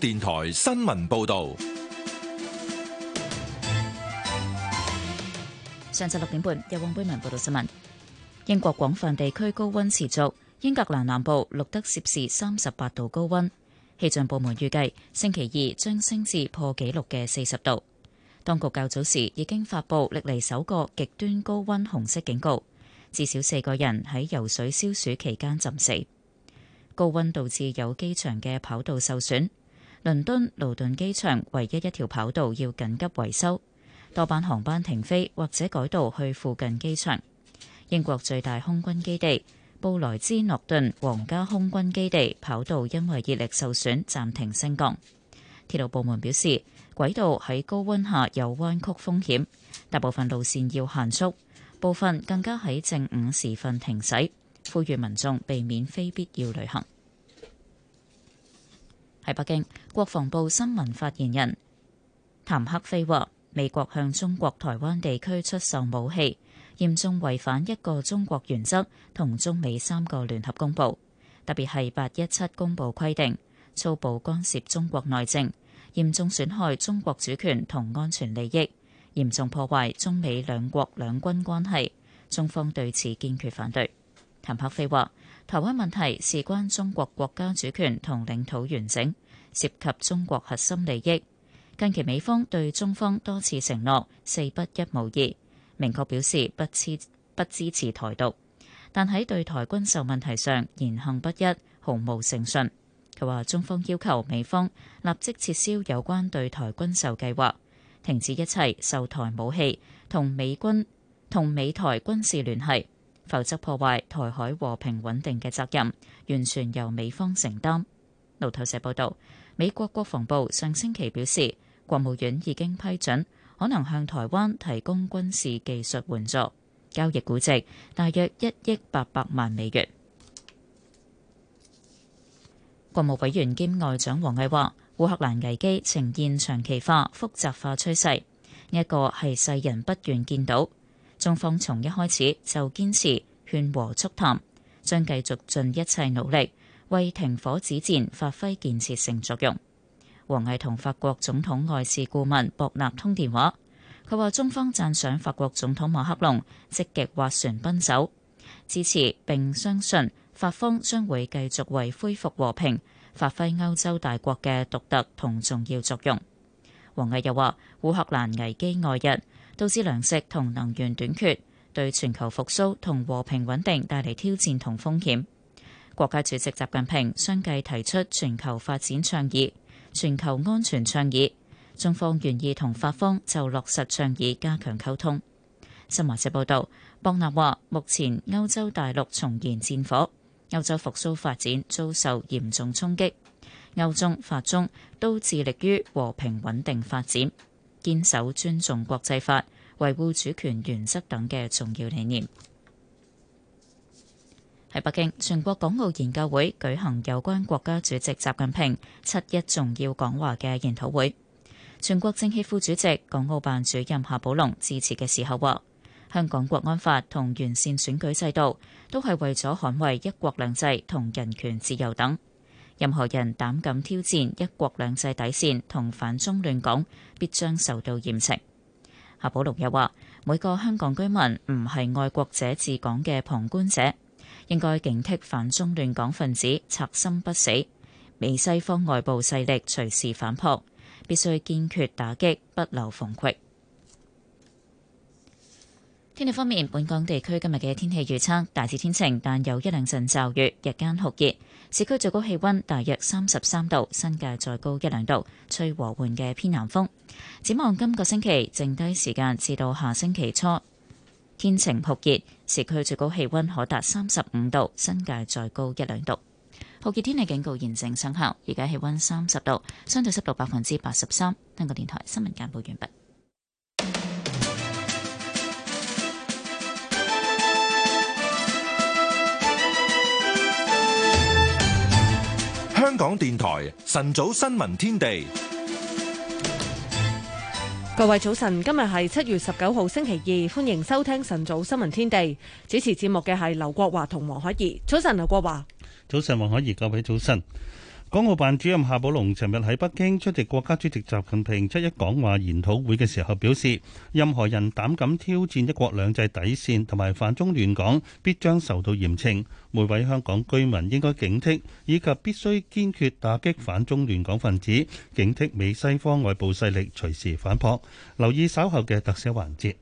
電台新聞報道：上晝六點半，由黃貝文報道新聞。英國廣泛地區高温持續，英格蘭南部錄得攝氏三十八度高温。氣象部門預計星期二將升至破紀錄嘅四十度。當局較早時已經發布歷嚟首個極端高温紅色警告，至少四個人喺游水消暑期間浸死。高温導致有機場嘅跑道受損。倫敦勞頓機場唯一一條跑道要緊急維修，多班航班停飛或者改道去附近機場。英國最大空軍基地布萊茲諾頓皇家空軍基地跑道因為熱力受損暫停升降。鐵路部門表示，軌道喺高溫下有彎曲風險，大部分路線要限速，部分更加喺正午時分停駛，呼籲民眾避免非必要旅行。喺北京，國防部新聞發言人譚克非話：美國向中國台灣地區出售武器，嚴重違反一個中國原則同中美三個聯合公報，特別係八一七公報規定，粗暴干涉中國內政，嚴重損害中國主權同安全利益，嚴重破壞中美兩國兩軍關係。中方對此堅決反對。譚克非話。台灣問題事關中國國家主權同領土完整，涉及中國核心利益。近期美方對中方多次承諾四不一無二，明確表示不支不支持台獨，但喺對台軍售問題上言行不一，毫無誠信。佢話中方要求美方立即撤銷有關對台軍售計劃，停止一切售台武器同美軍同美台軍事聯繫。否則破壞台海和平穩定嘅責任，完全由美方承擔。路透社報道，美國國防部上星期表示，國務院已經批准可能向台灣提供軍事技術援助，交易估值大約一億八百萬美元。國務委員兼外長王毅話，烏克蘭危機呈現長期化、複雜化趨勢，呢一個係世人不願見到。中方從一開始就堅持勸和促談，將繼續盡一切努力為停火止戰發揮建設性作用。王毅同法國總統外事顧問博納通電話，佢話中方讚賞法國總統馬克龍積極斡旋奔走，支持並相信法方將會繼續為恢復和平發揮歐洲大國嘅獨特同重要作用。王毅又話，烏克蘭危機外日，導致糧食同能源短缺，對全球復甦同和，和平穩定帶嚟挑戰同風險。國家主席習近平相繼提出全球發展倡議、全球安全倡議，中方願意同法方就落實倡議加強溝通。新華社報道，博納話：目前歐洲大陸重燃戰火，歐洲復甦發展遭受嚴重衝擊。歐中、法中都致力於和平穩定發展。堅守尊重國際法、維護主權原則等嘅重要理念。喺北京，全國港澳研究會舉行有關國家主席習近平七一重要講話嘅研討會，全國政協副主席、港澳辦主任夏寶龍致辭嘅時候話，香港國安法同完善選舉制度都係為咗捍衛一國兩制同人權自由等。任何人膽敢挑戰一國兩制底線同反中亂港，必將受到嚴懲。夏寶龍又話：每個香港居民唔係愛國者治港嘅旁觀者，應該警惕反中亂港分子賊心不死、美西方外部勢力隨時反撲，必須堅決打擊，不留縫隙。天氣方面，本港地區今日嘅天氣預測大致天晴，但有一兩陣驟雨，日間酷熱。市區最高氣溫大約三十三度，新界再高一兩度，吹和緩嘅偏南風。展望今個星期剩低時間至到下星期初，天晴酷熱，市區最高氣溫可達三十五度，新界再高一兩度。酷熱天氣警告現正生效，而家氣溫三十度，相對濕度百分之八十三。香港電台新聞簡報完畢。香港電台晨早新聞天地，各位早晨，今日係七月十九號星期二，歡迎收聽晨早新聞天地。主持節目嘅係劉國華同黃海怡。早晨，劉國華。早晨，黃海怡。各位早晨。港澳辦主任夏寶龍尋日喺北京出席國家主席習近平七一講話研討會嘅時候表示，任何人膽敢挑戰一國兩制底線同埋反中亂港，必將受到嚴懲。每位香港居民應該警惕，以及必須堅決打擊反中亂港分子，警惕美西方外部勢力隨時反撲。留意稍後嘅特寫環節。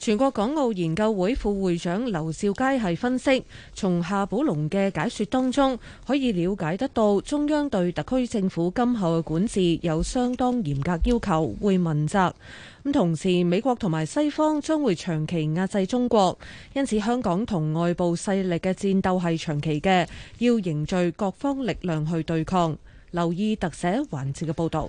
全國港澳研究會副會長劉兆佳係分析，從夏寶龍嘅解説當中可以瞭解得到，中央對特區政府今後嘅管治有相當嚴格要求，會問責。咁同時，美國同埋西方將會長期壓制中國，因此香港同外部勢力嘅戰鬥係長期嘅，要凝聚各方力量去對抗。留意特寫環節嘅報導。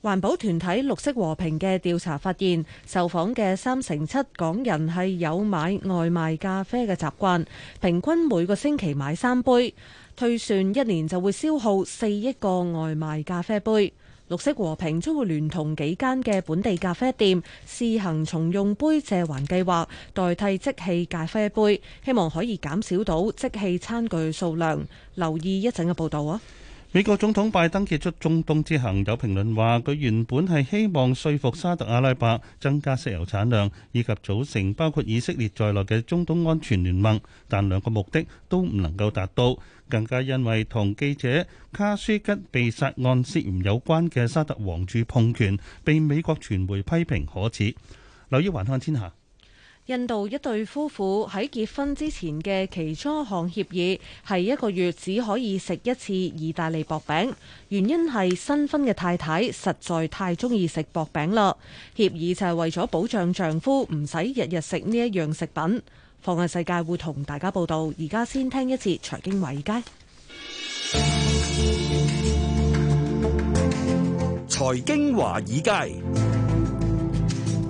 環保團體綠色和平嘅調查發現，受訪嘅三成七港人係有買外賣咖啡嘅習慣，平均每個星期買三杯，推算一年就會消耗四億個外賣咖啡杯。綠色和平將會聯同幾間嘅本地咖啡店試行重用杯借還計劃，代替即棄咖啡杯，希望可以減少到即棄餐具數量。留意一陣嘅報道啊！美國總統拜登結束中東之行，有評論話佢原本係希望說服沙特阿拉伯增加石油產量，以及組成包括以色列在內嘅中東安全聯盟，但兩個目的都唔能夠達到。更加因為同記者卡舒吉被殺案涉嫌有關嘅沙特王儲碰拳，被美國傳媒批評可恥。留意《環看天下》。印度一對夫婦喺結婚之前嘅其中一項協議係一個月只可以食一次意大利薄餅，原因係新婚嘅太太實在太中意食薄餅啦。協議就係為咗保障丈夫唔使日日食呢一樣食品。放眼世界會同大家報道，而家先聽一次財經華爾街。財經華爾街。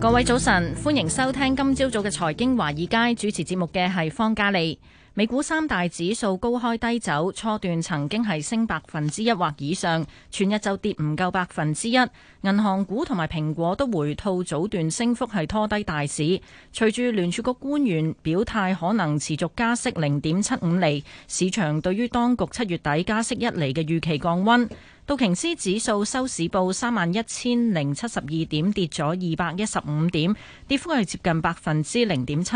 各位早晨，歡迎收聽今朝早嘅財經華爾街，主持節目嘅係方嘉利。美股三大指數高開低走，初段曾經係升百分之一或以上，全日就跌唔夠百分之一。銀行股同埋蘋果都回吐，早段升幅係拖低大市。隨住聯儲局官員表態可能持續加息零點七五厘，市場對於當局七月底加息一厘嘅預期降溫。道瓊斯指數收市報三萬一千零七十二點，跌咗二百一十五點，跌幅係接近百分之零點七。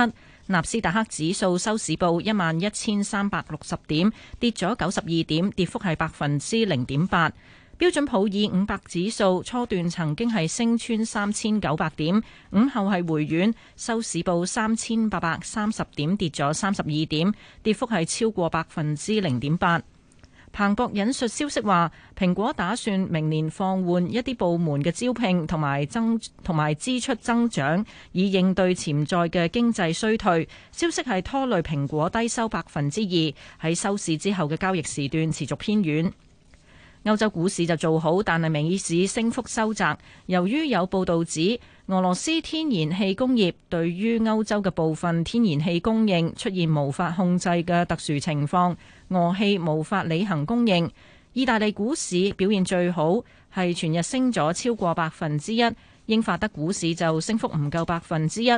納斯達克指數收市報一萬一千三百六十點，跌咗九十二點，跌幅係百分之零點八。標準普爾五百指數初段曾經係升穿三千九百點，午後係回軟，收市報三千八百三十點，跌咗三十二點，跌幅係超過百分之零點八。彭博引述消息話，蘋果打算明年放緩一啲部門嘅招聘同埋增同埋支出增長，以應對潛在嘅經濟衰退。消息係拖累蘋果低收百分之二，喺收市之後嘅交易時段持續偏軟。歐洲股市就做好，但係明易市升幅收窄，由於有報道指，俄羅斯天然氣工業對於歐洲嘅部分天然氣供應出現無法控制嘅特殊情況，俄氣無法履行供應。意大利股市表現最好，係全日升咗超過百分之一，英法德股市就升幅唔夠百分之一。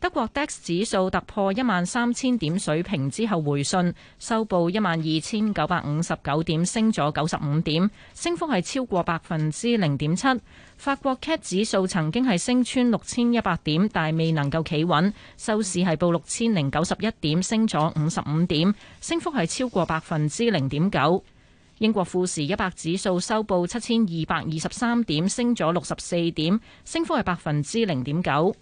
德國 DAX 指數突破一萬三千點水平之後回信，收報一萬二千九百五十九點，升咗九十五點，升幅係超過百分之零點七。法國 CAC 指數曾經係升穿六千一百點，但係未能夠企穩，收市係報六千零九十一點，升咗五十五點，升幅係超過百分之零點九。英國富時一百指數收報七千二百二十三點，升咗六十四點，升幅係百分之零點九。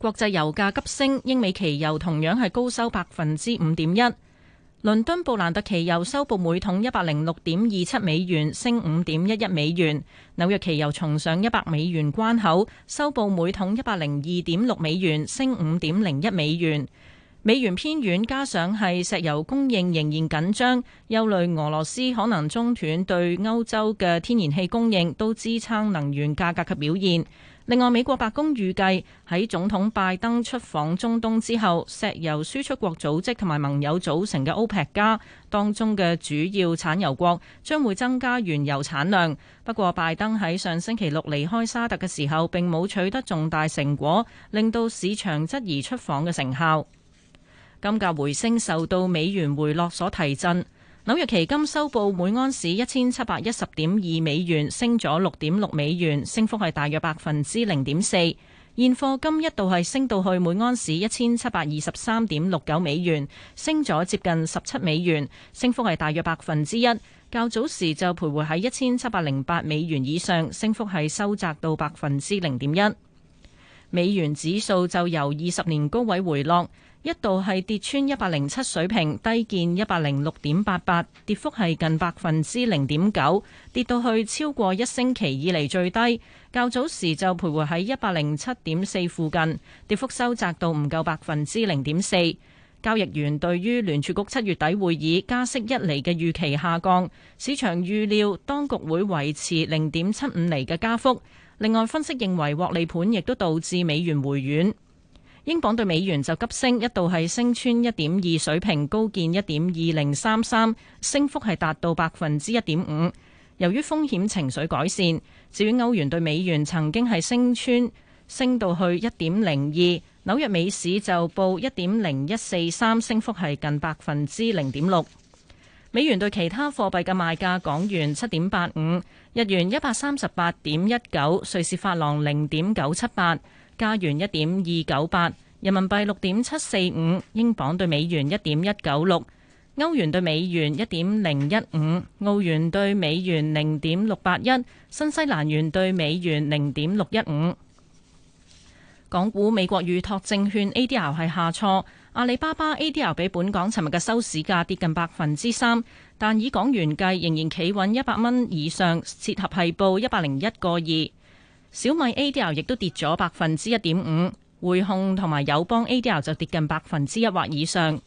國際油價急升，英美期油同樣係高收百分之五點一。倫敦布蘭特期油收報每桶一百零六點二七美元，升五點一一美元。紐約期油重上一百美元關口，收報每桶一百零二點六美元，升五點零一美元。美元偏軟，加上係石油供應仍然緊張，憂慮俄羅斯可能中斷對歐洲嘅天然氣供應，都支撐能源價格嘅表現。另外，美國白宮預計喺總統拜登出訪中東之後，石油輸出國組織同埋盟友組成嘅 OPEC 加當中嘅主要產油國將會增加原油產量。不過，拜登喺上星期六離開沙特嘅時候並冇取得重大成果，令到市場質疑出訪嘅成效。金價回升受到美元回落所提振。紐約期金收報每安士一千七百一十點二美元，升咗六點六美元，升幅係大約百分之零點四。現貨金一度係升到去每安士一千七百二十三點六九美元，升咗接近十七美元，升幅係大約百分之一。較早時就徘徊喺一千七百零八美元以上，升幅係收窄到百分之零點一。美元指數就由二十年高位回落。一度係跌穿一百零七水平，低見一百零六點八八，跌幅係近百分之零點九，跌到去超過一星期以嚟最低。較早時就徘徊喺一百零七點四附近，跌幅收窄到唔夠百分之零點四。交易員對於聯儲局七月底會議加息一厘嘅預期下降，市場預料當局會維持零點七五厘嘅加幅。另外，分析認為獲利盤亦都導致美元回軟。英鎊對美元就急升，一度係升穿一點二水平，高見一點二零三三，升幅係達到百分之一點五。由於風險情緒改善，至於歐元對美元曾經係升穿，升到去一點零二，紐約美市就報一點零一四三，升幅係近百分之零點六。美元對其他貨幣嘅賣價，港元七點八五，日元一百三十八點一九，瑞士法郎零點九七八。加元一點二九八，人民幣六點七四五，英鎊兌美元一點一九六，歐元兌美元一點零一五，澳元兌美元零點六八一，新西蘭元兌美元零點六一五。港股美國預託證券 ADR 係下挫，阿里巴巴 ADR 比本港尋日嘅收市價跌近百分之三，但以港元計仍然企穩一百蚊以上，折合係報一百零一個二。小米 ADR 亦都跌咗百分之一點五，匯控同埋友邦 ADR 就跌近百分之一或以上。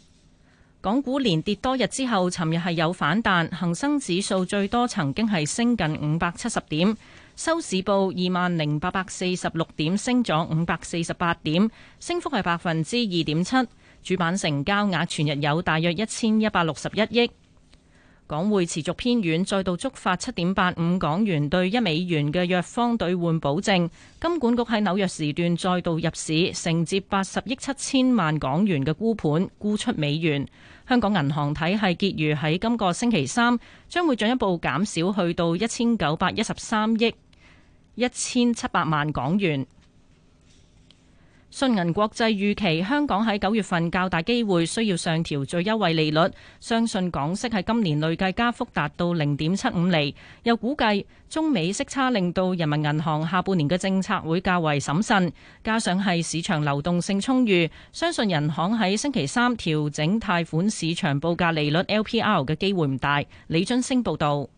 港股連跌多日之後，尋日係有反彈，恒生指數最多曾經係升近五百七十點，收市報二萬零八百四十六點，升咗五百四十八點，升幅係百分之二點七。主板成交額全日有大約一千一百六十一億。港匯持續偏軟，再度觸發七點八五港元兌一美元嘅弱方兌換保證。金管局喺紐約時段再度入市，承接八十億七千萬港元嘅沽盤沽出美元。香港銀行體系結餘喺今個星期三將會進一步減少，去到一千九百一十三億一千七百萬港元。信銀國際預期香港喺九月份較大機會需要上調最優惠利率，相信港息喺今年累計加幅達到零點七五厘。又估計中美息差令到人民銀行下半年嘅政策會較為審慎，加上係市場流動性充裕，相信人行喺星期三調整貸款市場報價利率 LPR 嘅機會唔大。李津升報道。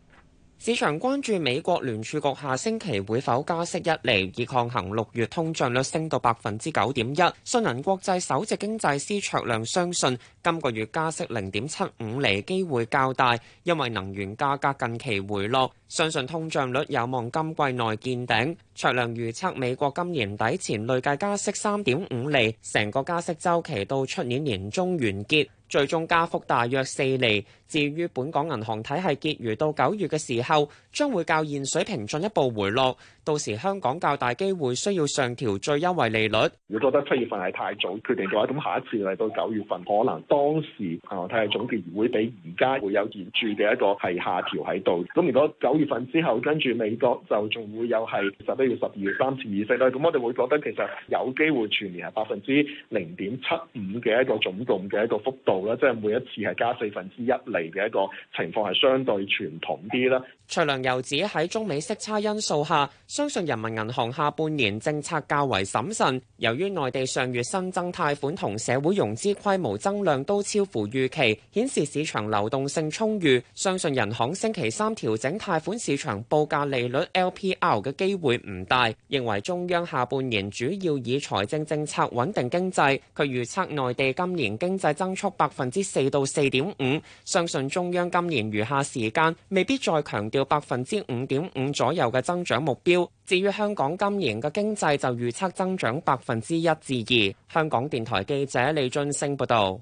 市場關注美國聯儲局下星期會否加息一厘，以抗衡六月通脹率升到百分之九點一。信銀國際首席經濟師卓亮相信，今個月加息零點七五厘機會較大，因為能源價格近期回落，相信通脹率有望今季內見頂。卓亮預測美國今年底前累計加息三點五厘，成個加息週期到出年年中完結。最終加幅大約四厘。至於本港銀行體系結餘到九月嘅時候，將會較現水平進一步回落。到時香港較大機會需要上調最優惠利率。如果覺得七月份係太早決定嘅話，咁下一次嚟到九月份，可能當時啊，睇下總結會比而家會有延續嘅一個係下調喺度。咁如果九月份之後跟住美國就仲會有係十一月、十二月三次議息咧，咁我哋會覺得其實有機會全年係百分之零點七五嘅一個總共嘅一個幅度啦。即係每一次係加四分之一嚟嘅一個情況係相對傳統啲啦。徐良又指，喺中美息差因素下，相信人民銀行下半年政策較為審慎。由於內地上月新增貸款同社會融資規模增量都超乎預期，顯示市場流動性充裕。相信人行星期三調整貸款市場報價利率 LPR 嘅機會唔大。認為中央下半年主要以財政政策穩定經濟，佢預測內地今年經濟增速百分之四到四點五。相信中央今年餘下時間未必再強。要百分之五點五左右嘅增長目標。至於香港今年嘅經濟，就預測增長百分之一至二。香港電台記者李俊升報道。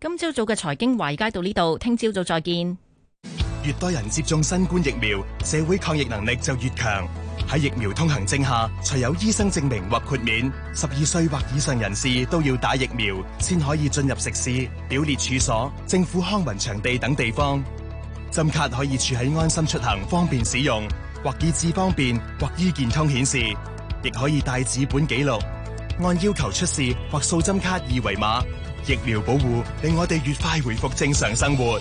今朝早嘅財經華爾街到呢度，聽朝早，早再見。越多人接種新冠疫苗，社會抗疫能力就越強。喺疫苗通行證下，除有醫生證明或豁免，十二歲或以上人士都要打疫苗，先可以進入食肆、表列處所、政府康文場地等地方。針卡可以儲喺安心出行，方便使用，或以智方便，或醫健通顯示，亦可以帶紙本記錄，按要求出示或掃針卡二維碼。疫苗保護令我哋越快回復正常生活，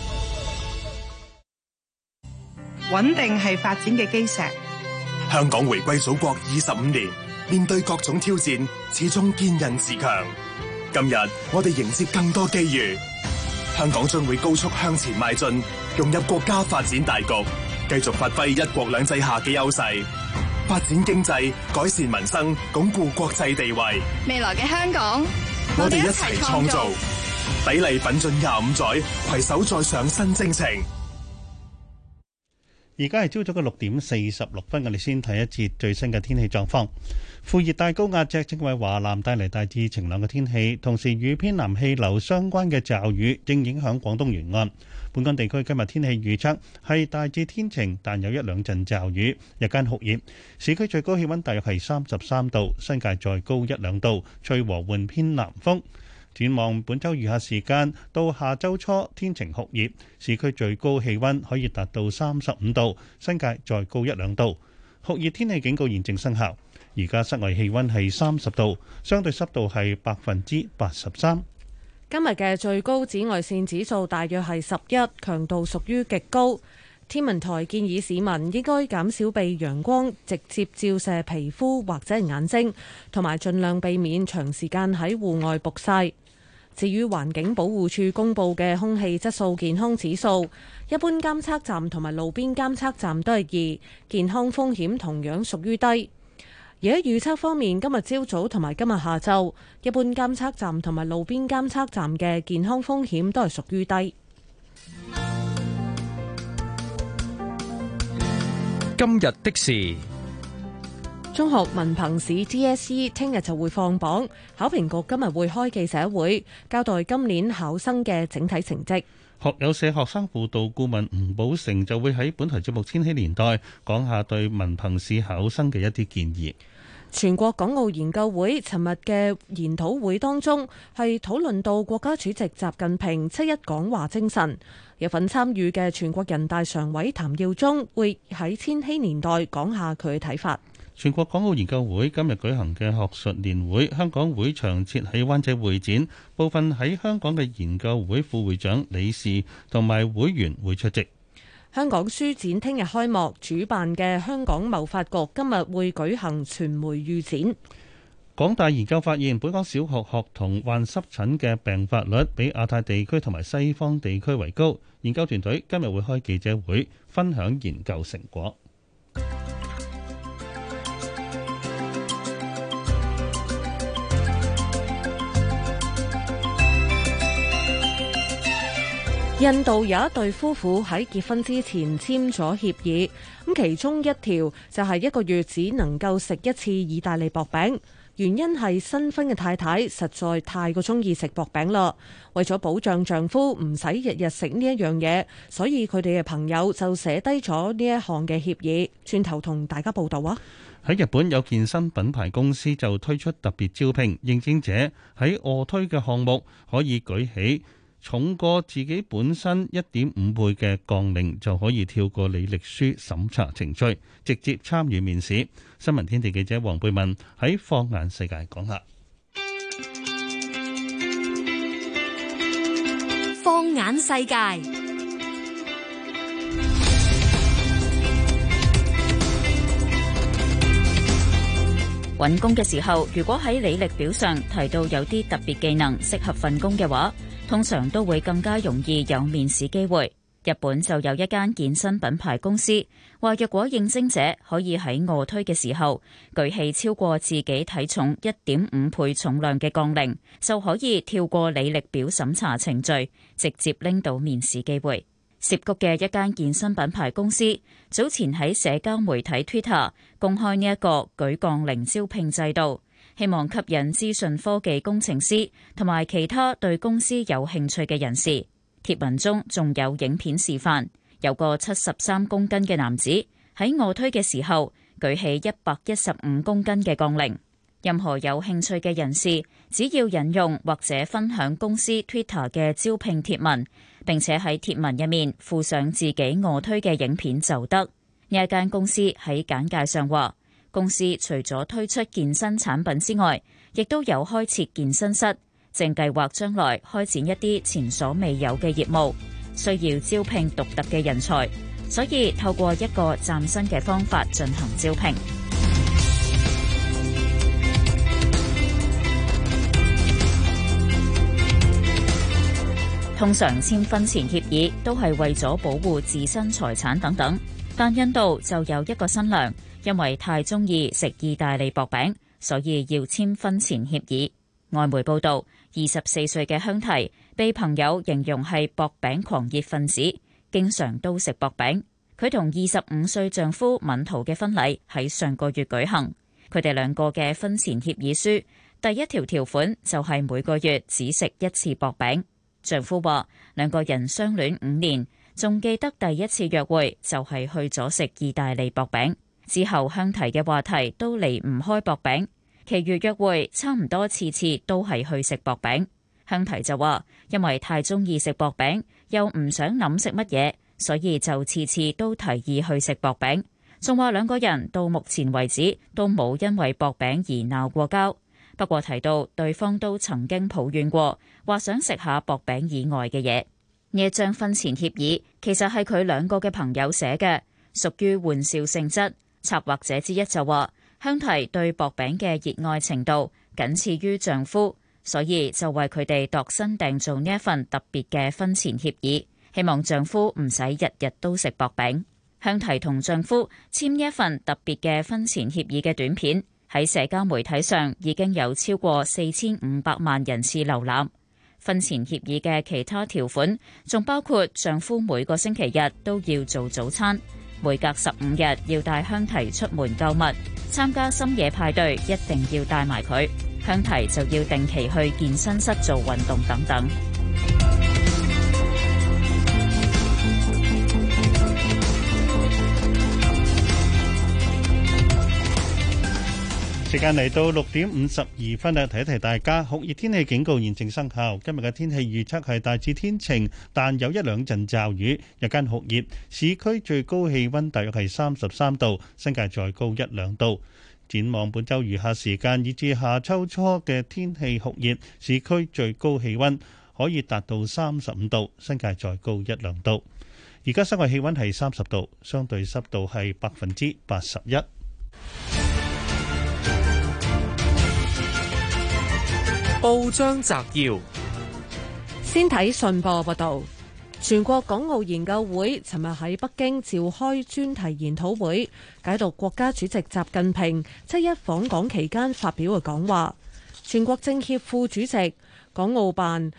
穩定係發展嘅基石。香港回歸祖國二十五年，面對各種挑戰，始終堅韌自強。今日我哋迎接更多機遇，香港將會高速向前邁進。融入國家發展大局，繼續發揮一國兩制下嘅優勢，發展經濟，改善民生，鞏固國際地位。未來嘅香港，我哋一齊創造。砥礪奮進廿五載，攜手再上新征程。而家係朝早嘅六點四十六分，我哋先睇一節最新嘅天氣狀況。副熱帶高壓脊正為華南帶嚟大致晴朗嘅天氣，同時與偏南氣流相關嘅驟雨正影響廣東沿岸。本港地區今日天氣預測係大致天晴，但有一兩陣驟雨，日間酷熱，市區最高氣温大約係三十三度，新界再高一兩度，吹和緩偏南風。展望本周餘下時間到下週初，天晴酷熱，市區最高氣温可以達到三十五度，新界再高一兩度，酷熱天氣警告現正生效。而家室外氣温係三十度，相對濕度係百分之八十三。今日嘅最高紫外線指數大約係十一，強度屬於極高。天文台建議市民應該減少被陽光直接照射皮膚或者眼睛，同埋盡量避免長時間喺戶外曝曬。至於環境保護署公布嘅空氣質素健康指數，一般監測站同埋路邊監測站都係二，健康風險同樣屬於低。而喺預測方面，今日朝早同埋今日下晝，一般監測站同埋路邊監測站嘅健康風險都係屬於低。今日的事，中學文憑試 DSE 聽日就會放榜，考評局今日會開記者會，交代今年考生嘅整體成績。學友社學生輔導顧問吳寶成就會喺本台節目《千禧年代》講下對文憑試考生嘅一啲建議。全國港澳研究會尋日嘅研討會當中，係討論到國家主席習近平七一講話精神。有份參與嘅全國人大常委譚耀宗會喺《千禧年代》講下佢嘅睇法。全國港澳研究會今日舉行嘅學術年會，香港會場設喺灣仔會展，部分喺香港嘅研究會副會長、理事同埋會員會出席。香港書展聽日開幕，主辦嘅香港貿發局今日會舉行傳媒預展。港大研究發現，本港小學學童患濕疹嘅病發率比亞太地區同埋西方地區為高。研究團隊今日會開記者會，分享研究成果。印度有一對夫婦喺結婚之前簽咗協議，咁其中一條就係一個月只能夠食一次意大利薄餅，原因係新婚嘅太太實在太過中意食薄餅啦。為咗保障丈夫唔使日日食呢一樣嘢，所以佢哋嘅朋友就寫低咗呢一項嘅協議。轉頭同大家報道啊！喺日本有健身品牌公司就推出特別招聘，應徵者喺臥推嘅項目可以舉起重過自己本身一點五倍嘅槓鈴就可以跳過履歷書審查程序，直接參與面試。新聞天地記者黃貝文喺放眼世界講下。放眼世界，揾工嘅時候，如果喺履歷表上提到有啲特別技能適合份工嘅話。通常都會更加容易有面試機會。日本就有一間健身品牌公司話，若果應徵者可以喺臥推嘅時候舉起超過自己體重一點五倍重量嘅槓鈴，就可以跳過履歷表審查程序，直接拎到面試機會。涉谷嘅一間健身品牌公司早前喺社交媒體 Twitter 公開呢一個舉槓鈴招聘制度。希望吸引資訊科技工程師同埋其他對公司有興趣嘅人士。貼文中仲有影片示範，有個七十三公斤嘅男子喺卧推嘅時候舉起一百一十五公斤嘅槓鈴。任何有興趣嘅人士，只要引用或者分享公司 Twitter 嘅招聘貼文，並且喺貼文入面附上自己卧推嘅影片就得。呢一間公司喺簡介上話：公司除咗推出健身產品之外，亦都有開設健身室，正計劃將來開展一啲前所未有嘅業務，需要招聘獨特嘅人才，所以透過一個嶄新嘅方法進行招聘。通常簽婚前協議都係為咗保護自身財產等等。但印度就有一個新娘，因為太鍾意食意大利薄餅，所以要簽婚前協議。外媒報道，二十四歲嘅香緹被朋友形容係薄餅狂熱分子，經常都食薄餅，佢同二十五歲丈夫敏圖嘅婚禮喺上個月舉行。佢哋兩個嘅婚前協議書第一條條款就係每個月只食一次薄餅。丈夫話兩個人相戀五年，仲記得第一次約會就係去咗食意大利薄餅，之後香提嘅話題都離唔開薄餅。其餘約會差唔多次次都係去食薄餅。香提就話因為太中意食薄餅，又唔想諗食乜嘢，所以就次次都提議去食薄餅。仲話兩個人到目前為止都冇因為薄餅而鬧過交，不過提到對方都曾經抱怨過，話想食下薄餅以外嘅嘢。呢一張婚前協議其實係佢兩個嘅朋友寫嘅，屬於玩笑性質。策劃者之一就話：香提對薄餅嘅熱愛程度僅次於丈夫，所以就為佢哋度身訂做呢一份特別嘅婚前協議，希望丈夫唔使日日都食薄餅。香提同丈夫簽呢一份特別嘅婚前協議嘅短片喺社交媒體上已經有超過四千五百萬人次瀏覽。婚前協議嘅其他條款，仲包括丈夫每個星期日都要做早餐，每隔十五日要帶香緹出門購物，參加深夜派對一定要帶埋佢，香緹就要定期去健身室做運動等等。時間嚟到六點五十二分啦，提一提大家酷熱天氣警告現正生效。今日嘅天氣預測係大致天晴，但有一兩陣驟雨，日間酷熱。市區最高氣温大約係三十三度，新界再高一兩度。展望本周餘下時間以至下周初嘅天氣酷熱，市區最高氣温可以達到三十五度，新界再高一兩度。而家室外氣温係三十度，相對濕度係百分之八十一。報章摘要先睇信報報道，全國港澳研究會尋日喺北京召開專題研討會，解讀國家主席習近平七一訪港期間發表嘅講話。全國政協副主席、港澳辦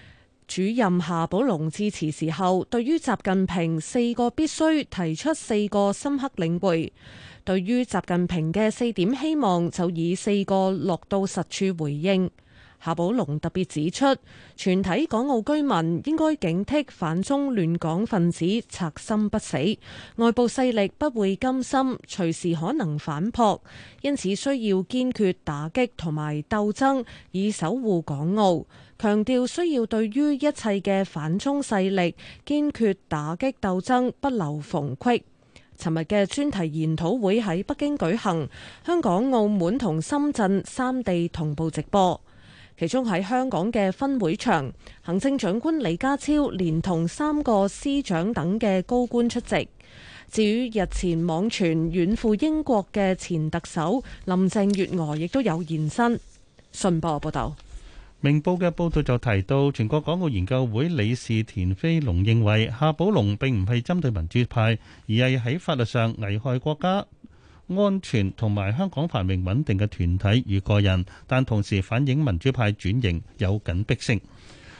主任夏寶龍致辭時候，對於習近平四個必須提出四個深刻領會，對於習近平嘅四點希望就以四個落到實處回應。夏寶龍特別指出，全體港澳居民應該警惕反中亂港分子賊心不死，外部勢力不會甘心，隨時可能反撲，因此需要堅決打擊同埋鬥爭，以守護港澳。強調需要對於一切嘅反中勢力堅決打擊鬥爭，不留縫隙。尋日嘅專題研討會喺北京舉行，香港、澳門同深圳三地同步直播。其中喺香港嘅分會場，行政長官李家超連同三個司長等嘅高官出席。至於日前網傳遠赴英國嘅前特首林鄭月娥，亦都有現身。信報、啊、報道，明報嘅報道就提到，全國港澳研究會理事田飛龍認為夏寶龍並唔係針對民主派，而係喺法律上危害國家安全同埋香港繁榮穩定嘅團體與個人，但同時反映民主派轉型有緊迫性。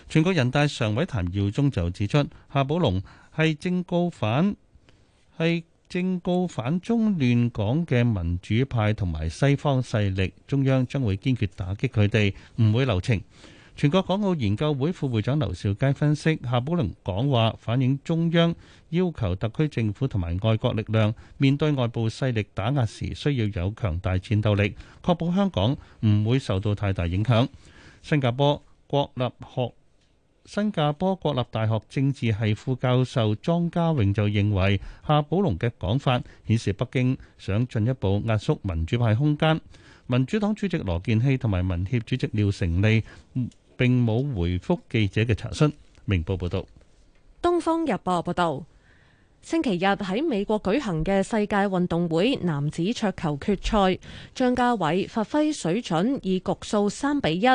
全國人大常委譚耀宗就指出，夏寶龍係正告反，係正告反中亂港嘅民主派同埋西方勢力，中央將會堅決打擊佢哋，唔會留情。全國港澳研究會副會長劉兆佳分析，夏寶龍講話反映中央要求特區政府同埋外國力量面對外部勢力打壓時，需要有強大戰鬥力，確保香港唔會受到太大影響。新加坡國立學新加坡國立大學政治系副教授莊家穎就認為，夏寶龍嘅講法顯示北京想進一步壓縮民主派空間。民主黨主席羅健熙同埋民協主席廖成利，並冇回覆記者嘅查詢。明報報道，東方日報報道，星期日喺美國舉行嘅世界運動會男子桌球決賽，張家偉發揮水準，以局數三比一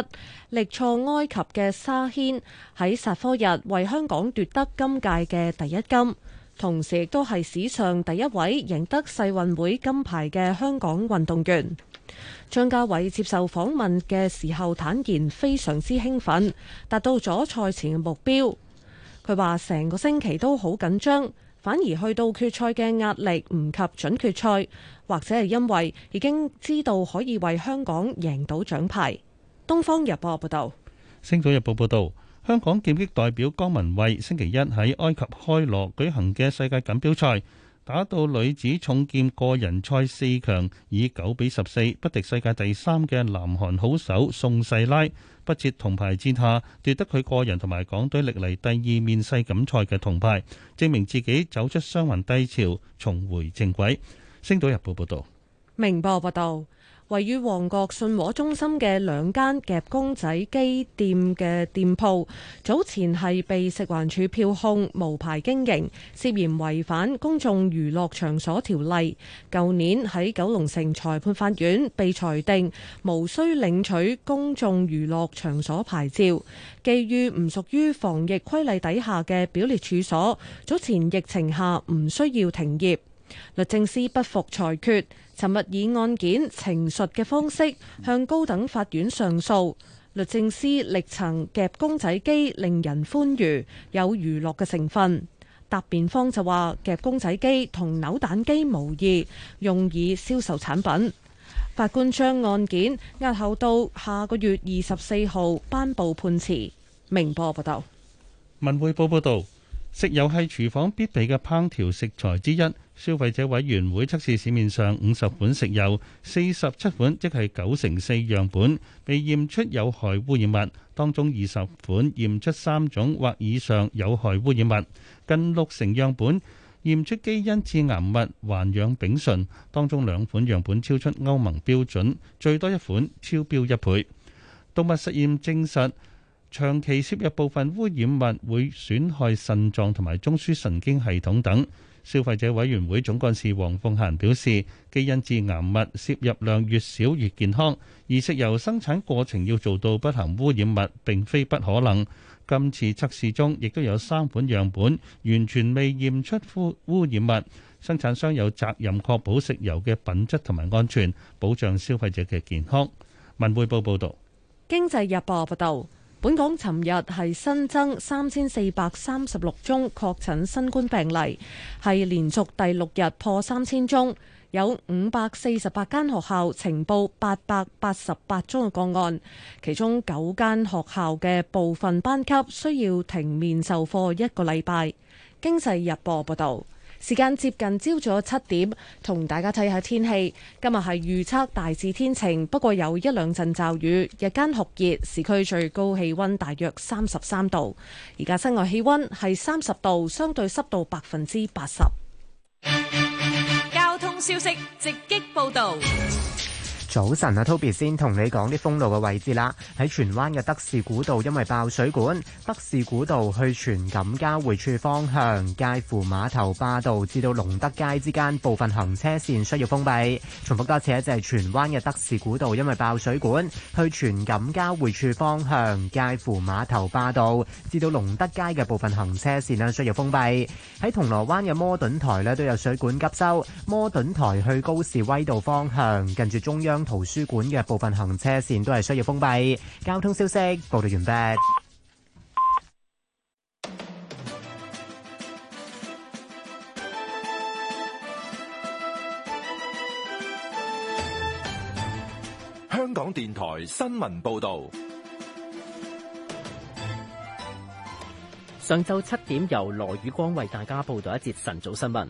力挫埃及嘅沙軒，喺煞科日為香港奪得今屆嘅第一金，同時亦都係史上第一位贏得世運會金牌嘅香港運動員。張家偉接受訪問嘅時候坦言非常之興奮，達到咗賽前嘅目標。佢話成個星期都好緊張，反而去到決賽嘅壓力唔及準決賽，或者係因為已經知道可以為香港贏到獎牌。東方日報報道，星島日報報道，香港劍擊代表江文慧星期一喺埃及開羅舉行嘅世界錦標賽。打到女子重劍個人賽四強，以九比十四不敵世界第三嘅南韓好手宋世拉，不設銅牌戰之下奪得佢個人同埋港隊歷嚟第二面世錦賽嘅銅牌，證明自己走出傷患低潮，重回正軌。星島日報報道，明報報道。位於旺角信和中心嘅兩間夾公仔機店嘅店鋪，早前係被食環署票控無牌經營，涉嫌違反《公眾娛樂場所條例》。舊年喺九龍城裁判法院被裁定無需領取公眾娛樂場所牌照，基於唔屬於防疫規例底下嘅表列處所，早前疫情下唔需要停業。律政司不服裁決。尋日以案件情述嘅方式向高等法院上訴，律政司力陳夾公仔機令人歡愉，有娛樂嘅成分。答辯方就話夾公仔機同扭蛋機無異，用以銷售產品。法官將案件押後到下個月二十四號頒布判詞。明報報道，文匯報報道，食油係廚房必備嘅烹調食材之一。消費者委員會測試市面上五十款食油，四十七款即係九成四樣本被驗出有害污染物，當中二十款驗出三種或以上有害污染物，近六成樣本驗出基因致癌物環氧丙醇，當中兩款樣本超出歐盟標準，最多一款超標一倍。動物實驗證實，長期攝入部分污染物會損害腎臟同埋中樞神經系統等。消費者委員會總幹事黃鳳嫻表示，基因致癌物攝入量越少越健康，而食油生產過程要做到不含污染物並非不可能。今次測試中，亦都有三款樣本完全未驗出污污染物。生產商有責任確保食油嘅品質同埋安全，保障消費者嘅健康。文匯報報道。經濟日報報道。本港尋日係新增三千四百三十六宗確診新冠病例，係連續第六日破三千宗。有五百四十八間學校呈報八百八十八宗嘅個案，其中九間學校嘅部分班級需要停面授課一個禮拜。經濟日報報道。時間接近朝早七點，同大家睇下天氣。今日係預測大致天晴，不過有一兩陣驟雨。日間酷熱，市區最高氣溫大約三十三度。而家室外氣溫係三十度，相對濕度百分之八十。交通消息直擊報道。早晨啊，Toby 先同你講啲封路嘅位置啦。喺荃灣嘅德士古道，因為爆水管；德士古道去荃錦交匯處方向，介乎碼頭壩道至到龍德街之間部分行車線需要封閉。重複多次就係荃灣嘅德士古道，因為爆水管，去荃錦交匯處方向，介乎碼頭壩道至到龍德街嘅部分行車線咧需要封閉。喺銅鑼灣嘅摩頓台咧都有水管急修，摩頓台去高士威道方向近住中央圖書館嘅部分行車線都係需要封閉。交通消息報道完畢。香港電台新聞報道。上晝七點，由羅宇光為大家報道一節晨早新聞。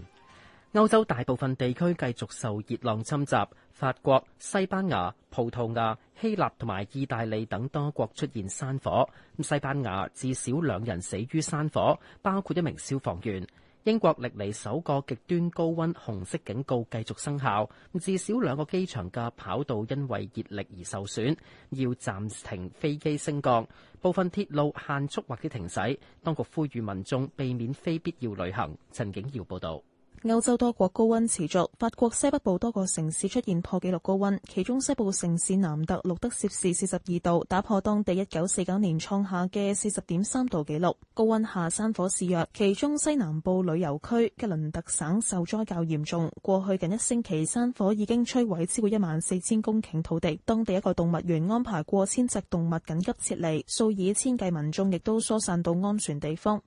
歐洲大部分地區繼續受熱浪侵襲。法國、西班牙、葡萄牙、希臘同埋意大利等多國出現山火，西班牙至少兩人死於山火，包括一名消防員。英國歷嚟首個極端高温紅色警告繼續生效，至少兩個機場嘅跑道因為熱力而受損，要暫停飛機升降，部分鐵路限速或者停駛。當局呼籲民眾避免非必要旅行。陳景耀報道。歐洲多國高温持續，法國西北部多個城市出現破紀錄高温，其中西部城市南特錄得攝氏42度，打破當地1949年創下嘅40.3度紀錄。高温下山火肆虐，其中西南部旅遊區吉倫特省受災較嚴重。過去近一星期，山火已經摧毀超過1萬4千公頃土地，當地一個動物園安排過千隻動物緊急撤離，數以千計民眾亦都疏散到安全地方。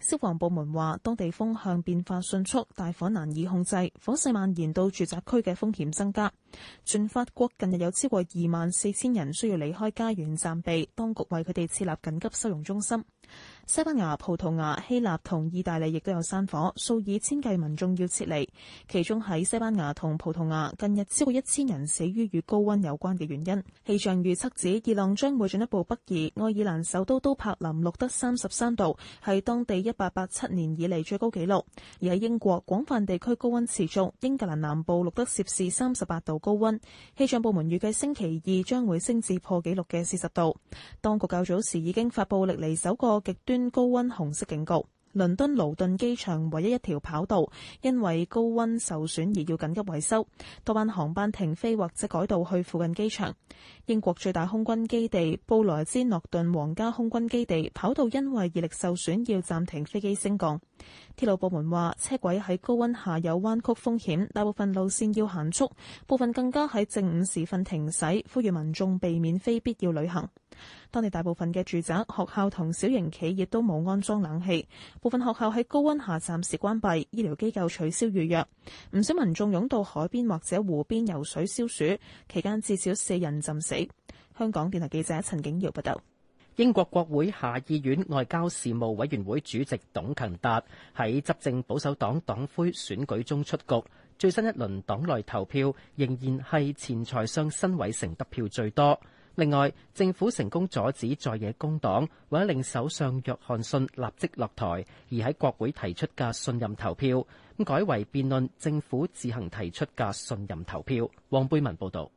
消防部門話，當地風向變化迅速，大火難以控制，火勢蔓延到住宅區嘅風險增加。全法國近日有超過二萬四千人需要離開家園暫避，當局為佢哋設立緊急收容中心。西班牙、葡萄牙、希臘同意大利亦都有山火，數以千計民眾要撤離，其中喺西班牙同葡萄牙，近日超過一千人死於與高温有關嘅原因。氣象預測指熱浪將會進一步北移。愛爾蘭首都都柏林錄得三十三度，係當地一八八七年以嚟最高紀錄。而喺英國，廣泛地區高温持續，英格蘭南部錄得攝氏三十八度高温。氣象部門預計星期二將會升至破紀錄嘅四十度。當局較早時已經發布歷嚟首個極端。高溫紅色警告，倫敦勞頓機場唯一一條跑道因為高溫受損而要緊急維修，多班航班停飛或者改道去附近機場。英國最大空軍基地布萊茲諾頓皇家空軍基地跑道因為熱力受損要暫停飛機升降。鐵路部門話，車軌喺高溫下有彎曲風險，大部分路線要限速，部分更加喺正午時分停駛，呼籲民眾避免非必要旅行。當地大部分嘅住宅、學校同小型企業都冇安裝冷氣，部分學校喺高溫下暫時關閉，醫療機構取消預約。唔少民眾湧到海邊或者湖邊游水消暑，期間至少四人浸死。香港電台記者陳景耀報道。英國國會下議院外交事務委員會主席董勤達喺執政保守黨黨魁選舉中出局，最新一輪黨內投票仍然係前財相辛偉誠得票最多。另外，政府成功阻止在野工黨，為令首相約翰遜立即落台，而喺國會提出嘅信任投票，改為辯論政府自行提出嘅信任投票。黃貝文報道。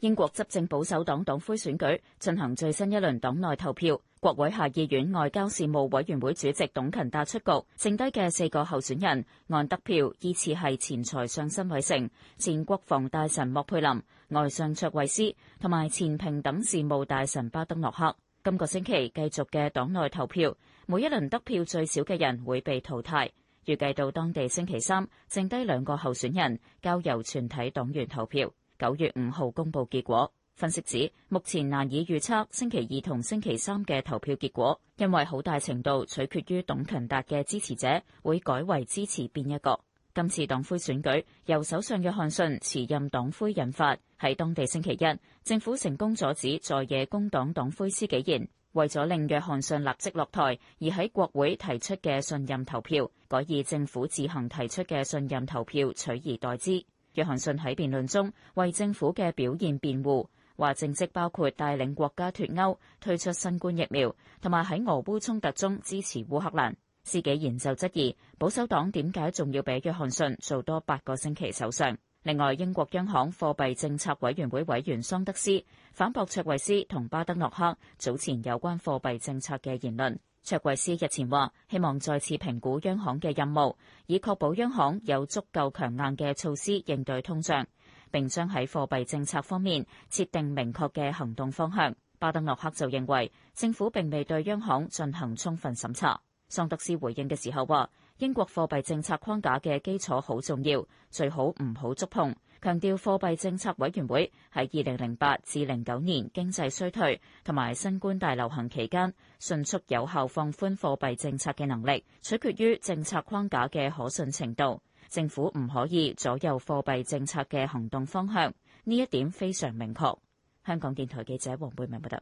英國執政保守黨黨魁選舉進行最新一輪黨內投票，國會下議院外交事務委員會主席董勤達出局，剩低嘅四個候選人按得票依次係前財相辛偉成、前國防大臣莫佩林。外相卓慧斯同埋前平等事務大臣巴登諾克，今個星期繼續嘅黨內投票，每一輪得票最少嘅人會被淘汰。預計到當地星期三，剩低兩個候選人，交由全體黨員投票。九月五號公布結果。分析指，目前難以預測星期二同星期三嘅投票結果，因為好大程度取決於董勤達嘅支持者會改為支持邊一個。今次黨魁選舉，由首相約翰遜辭任黨魁引發，喺當地星期一，政府成功阻止在野工黨黨魁施紀賢，為咗令約翰遜立即落台，而喺國會提出嘅信任投票，改以政府自行提出嘅信任投票取而代之。約翰遜喺辯論中為政府嘅表現辯護，話政績包括帶領國家脫歐、推出新冠疫苗，同埋喺俄烏衝突中支持烏克蘭。自己研究質疑保守黨點解仲要俾約翰遜做多八個星期首相？另外，英國央行貨幣政策委員會委員桑德斯反駁卓維斯同巴登洛克早前有關貨幣政策嘅言論。卓維斯日前話，希望再次評估央行嘅任務，以確保央行有足夠強硬嘅措施應對通脹，並將喺貨幣政策方面設定明確嘅行動方向。巴登洛克就認為政府並未對央行進行充分審查。桑德斯回應嘅時候話，英國貨幣政策框架嘅基礎好重要，最好唔好觸碰。強調貨幣政策委員會喺二零零八至零九年經濟衰退同埋新冠大流行期間迅速有效放寬貨幣政策嘅能力，取決於政策框架嘅可信程度。政府唔可以左右貨幣政策嘅行動方向，呢一點非常明確。香港電台記者黃貝明報道。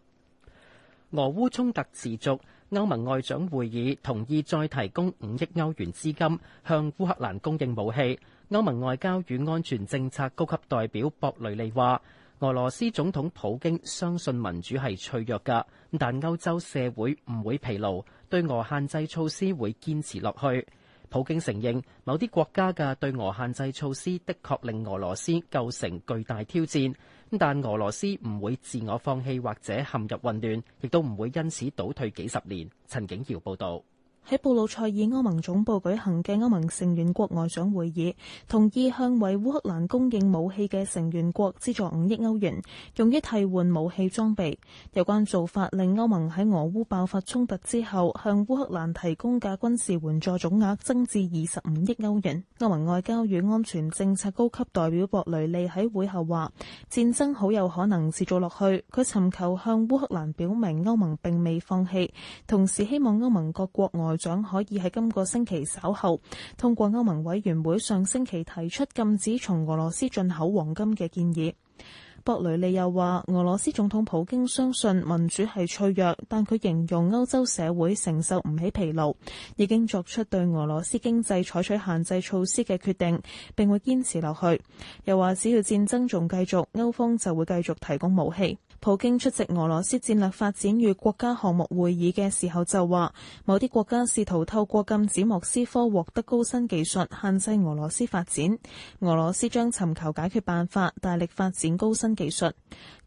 俄烏衝突持續。歐盟外長會議同意再提供五億歐元資金向烏克蘭供應武器。歐盟外交與安全政策高級代表博雷利話，俄羅斯總統普京相信民主係脆弱噶，但歐洲社會唔會疲勞，對俄限制措施會堅持落去。普京承認，某啲國家嘅對俄限制措施的確令俄羅斯構成巨大挑戰。但俄羅斯唔會自我放棄或者陷入混亂，亦都唔會因此倒退幾十年。陳景耀報道。喺布魯塞爾歐盟總部舉行嘅歐盟成員國外長會議，同意向為烏克蘭供應武器嘅成員國資助五億歐元，用於替換武器裝備。有關做法令歐盟喺俄烏爆發衝突之後，向烏克蘭提供嘅軍事援助總額增至二十五億歐元。歐盟外交與安全政策高級代表博雷利喺會後話：戰爭好有可能持續落去。佢尋求向烏克蘭表明歐盟並未放棄，同時希望歐盟各國外。長可以喺今個星期稍後通過歐盟委員會上星期提出禁止從俄羅斯進口黃金嘅建議。博雷利又話，俄羅斯總統普京相信民主係脆弱，但佢形容歐洲社會承受唔起疲勞，已經作出對俄羅斯經濟採取限制措施嘅決定，並會堅持落去。又話只要戰爭仲，繼續，歐方就會繼續提供武器。普京出席俄羅斯戰略發展與國家項目會議嘅時候就話：某啲國家試圖透過禁止莫斯科獲得高新技術，限制俄羅斯發展。俄羅斯將尋求解決辦法，大力發展高新技術。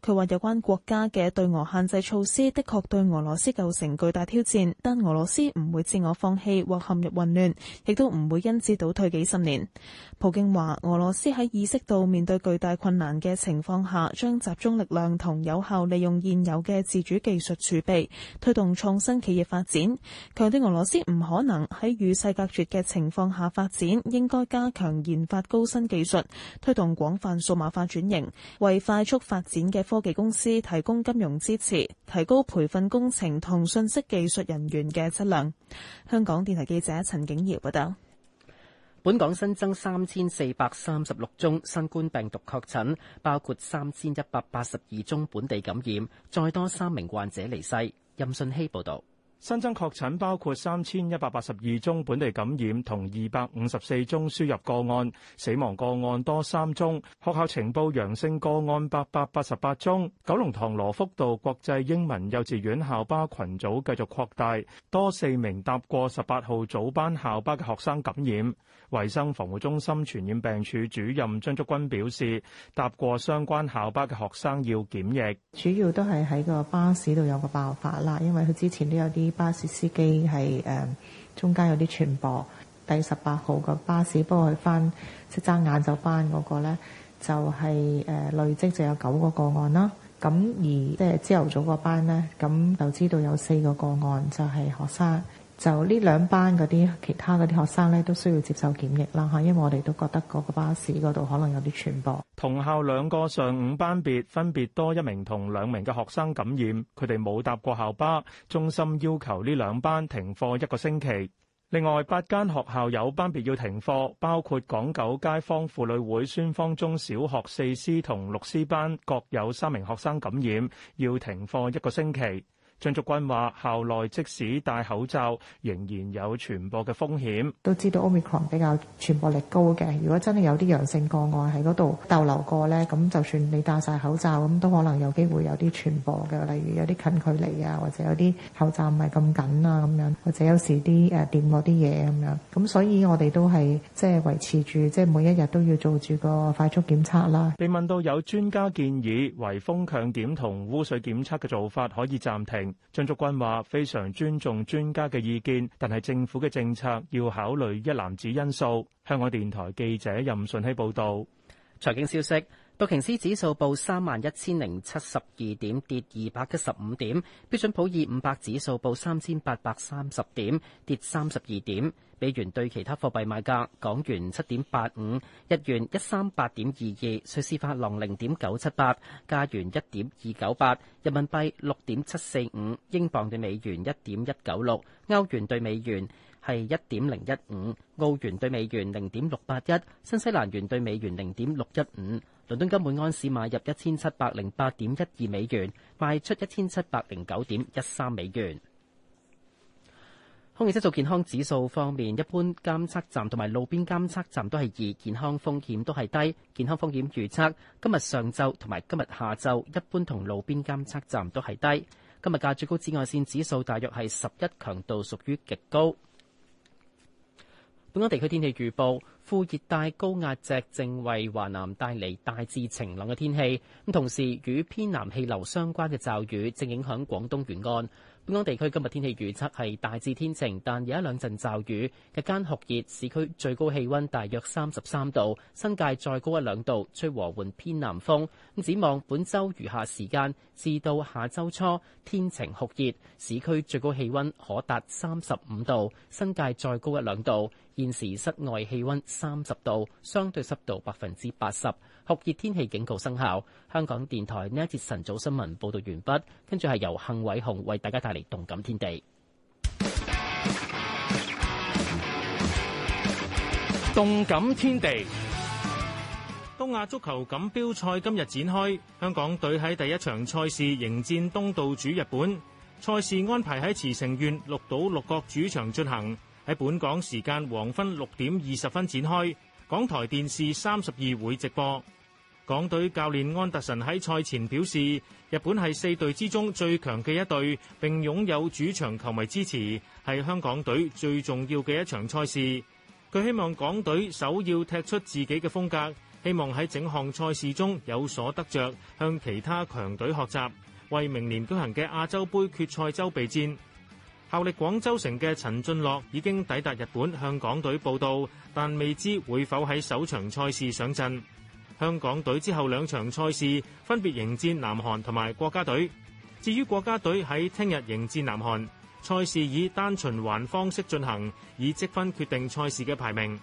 佢話有關國家嘅對俄限制措施，的確對俄羅斯構成巨大挑戰，但俄羅斯唔會自我放棄或陷入混亂，亦都唔會因此倒退幾十年。普京話：俄羅斯喺意識到面對巨大困難嘅情況下，將集中力量同有效利用現有嘅自主技術儲備，推動創新企業發展。強調俄羅斯唔可能喺與世隔絕嘅情況下發展，應該加強研發高新技術，推動廣泛數碼化轉型，為快速發展嘅科技公司提供金融支持，提高培訓工程同信息技術人員嘅質量。香港電台記者陳景瑤報道。本港新增三千四百三十六宗新冠病毒確診，包括三千一百八十二宗本地感染，再多三名患者離世。任信希報道。新增確診包括三千一百八十二宗本地感染同二百五十四宗輸入個案，死亡個案多三宗。學校呈報陽性個案八百八十八宗。九龍塘羅福道國際英文幼稚園校巴群組繼續擴大，多四名搭過十八號早班校巴嘅學生感染。衞生防護中心傳染病處主任張竹君表示，搭過相關校巴嘅學生要檢疫。主要都係喺個巴士度有個爆發啦，因為佢之前都有啲。巴士司機係誒，中間有啲傳播，第十八號個巴士，不過佢翻即係爭眼就班嗰個咧，就係誒，累積就有九個個案啦。咁而即係朝頭早個班咧，咁就知道有四個個案就係學生。就呢兩班嗰啲其他嗰啲學生咧，都需要接受檢疫啦嚇，因為我哋都覺得嗰個巴士嗰度可能有啲傳播。同校兩個上午班別分別多一名同兩名嘅學生感染，佢哋冇搭過校巴。中心要求呢兩班停課一個星期。另外八間學校有班別要停課，包括港九街坊婦女會孫方中小學四 C 同六 C 班各有三名學生感染，要停課一個星期。張竹君話：校內即使戴口罩，仍然有傳播嘅風險。都知道 Omicron 比較傳播力高嘅，如果真係有啲陽性個案喺嗰度逗留過咧，咁就算你戴晒口罩，咁都可能有機會有啲傳播嘅。例如有啲近距離啊，或者有啲口罩唔係咁緊啊咁樣，或者有時啲誒掂啲嘢咁樣。咁所以我哋都係即係維持住，即係每一日都要做住個快速檢測啦。被問到有專家建議圍封強檢同污水檢測嘅做法可以暫停。張竹君話：非常尊重專家嘅意見，但係政府嘅政策要考慮一籃子因素。香港電台記者任順希報道。財經消息。道瓊斯指數報三萬一千零七十二點，跌二百一十五點。標準普爾五百指數報三千八百三十點，跌三十二點。美元對其他貨幣買價：港元七點八五，日元一三八點二二，瑞士法郎零點九七八，加元一點二九八，人民幣六點七四五，英鎊對美元一點一九六，歐元對美元係一點零一五，澳元對美元零點六八一，新西蘭元對美元零點六一五。倫敦金每安士買入一千七百零八點一二美元，賣出一千七百零九點一三美元。空氣質素健康指數方面，一般監測站同埋路邊監測站都係二，健康風險都係低。健康風險預測今日上晝同埋今日下晝，一般同路邊監測站都係低。今日嘅最高紫外線指數大約係十一，強度屬於極高。本港地區天氣預報：副熱帶高壓脊正為華南帶嚟大致晴朗嘅天氣，咁同時與偏南氣流相關嘅驟雨正影響廣東沿岸。本港地區今日天氣預測係大致天晴，但有一兩陣驟雨，日間酷熱，市區最高氣溫大約三十三度，新界再高一兩度，吹和緩偏南風。咁展望本周餘下時間至到下周初，天晴酷熱，市區最高氣溫可達三十五度，新界再高一兩度。現時室外氣溫三十度，相對濕度百分之八十。酷熱天氣警告生效。香港電台呢一節晨早新聞報道完畢，跟住係由幸偉雄為大家帶嚟動感天地。動感天地。東亞足球錦標賽今日展開，香港隊喺第一場賽事迎戰東道主日本。賽事安排喺茨城縣鹿島鹿角主場進行，喺本港時間黃昏六點二十分展開。港台電視三十二會直播。港隊教練安達臣喺賽前表示，日本係四隊之中最強嘅一隊，並擁有主場球迷支持，係香港隊最重要嘅一場賽事。佢希望港隊首要踢出自己嘅風格，希望喺整項賽事中有所得着，向其他強隊學習，為明年舉行嘅亞洲杯決賽周備戰。效力廣州城嘅陳俊樂已經抵達日本向港隊報到，但未知會否喺首場賽事上陣。香港隊之後兩場賽事分別迎戰南韓同埋國家隊。至於國家隊喺聽日迎戰南韓賽事，以單循環方式進行，以積分決定賽事嘅排名。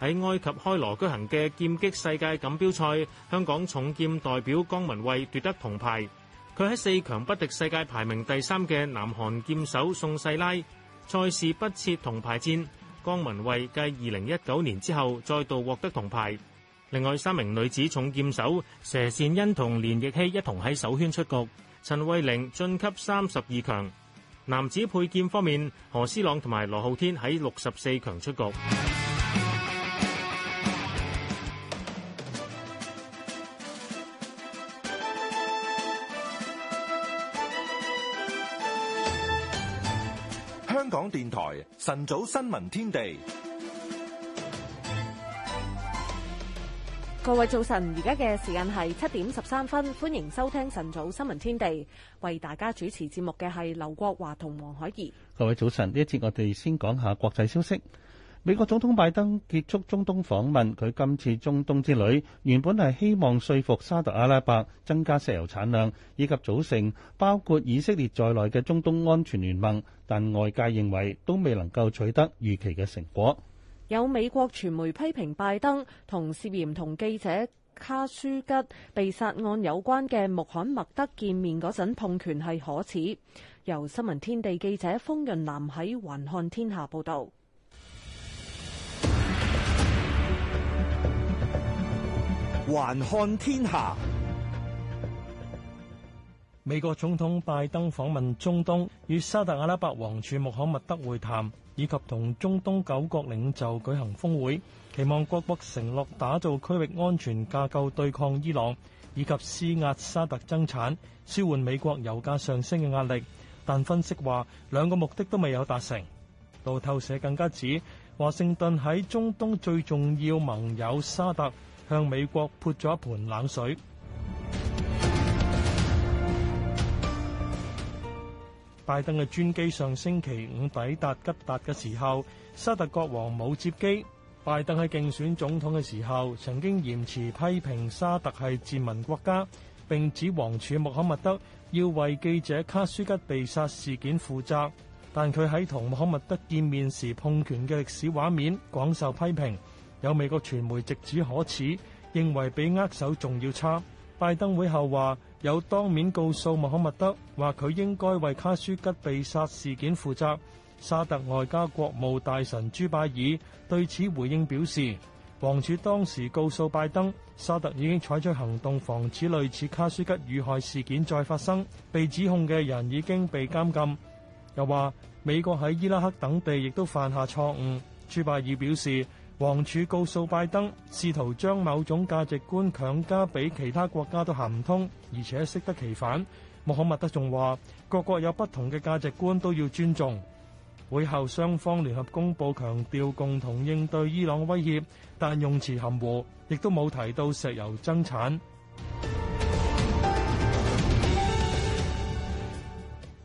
喺埃及開羅舉行嘅劍擊世界錦標賽，香港重劍代表江旻憓奪得銅牌。佢喺四強不敵世界排名第三嘅南韓劍手宋世拉。賽事不設銅牌戰，江旻憓繼二零一九年之後再度獲得銅牌。另外三名女子重劍手佘善恩同連亦希一同喺首圈出局，陳慧玲晉級三十二強。男子佩劍方面，何思朗同埋羅浩天喺六十四強出局。香港電台晨早新聞天地。各位早晨，而家嘅時間係七點十三分，歡迎收聽晨早新聞天地。為大家主持節目嘅係劉國華同黃海怡。各位早晨，呢一節我哋先講下國際消息。美國總統拜登結束中東訪問，佢今次中東之旅原本係希望說服沙特阿拉伯增加石油產量，以及組成包括以色列在內嘅中東安全聯盟，但外界認為都未能夠取得預期嘅成果。有美國傳媒批評拜登同涉嫌同記者卡舒吉被殺案有關嘅穆罕默德見面嗰陣碰拳係可恥。由新聞天地記者封潤南喺《環看天下》報導。《環看天下》，美國總統拜登訪問中東，與沙特阿拉伯王儲穆罕默德會談。以及同中東九國領袖舉行峰會，期望各國承諾打造區域安全架構對抗伊朗，以及施壓沙特增產，舒緩美國油價上升嘅壓力。但分析話，兩個目的都未有達成。路透社更加指，華盛頓喺中東最重要盟友沙特向美國潑咗一盆冷水。拜登嘅專機上星期五抵達吉達嘅時候，沙特國王冇接機。拜登喺競選總統嘅時候，曾經嚴辭批評沙特係賤民國家，並指王儲穆罕默德要為記者卡舒吉被殺事件負責。但佢喺同穆罕默德見面時碰拳嘅歷史畫面，廣受批評，有美國傳媒直指可恥，認為比握手仲要差。拜登會後話有當面告訴穆罕默德，話佢應該為卡舒吉被殺事件負責。沙特外交國務大臣朱拜爾對此回應表示，王儲當時告訴拜登，沙特已經採取行動防止類似卡舒吉遇害事件再發生，被指控嘅人已經被監禁。又話美國喺伊拉克等地亦都犯下錯誤。朱拜爾表示，王儲告訴拜登，試圖將某種價值觀強加俾其他國家都行唔通，而且適得其反。穆罕默德仲話：各國有不同嘅價值觀都要尊重。會後雙方聯合公佈，強調共同應對伊朗威脅，但用詞含糊，亦都冇提到石油增產。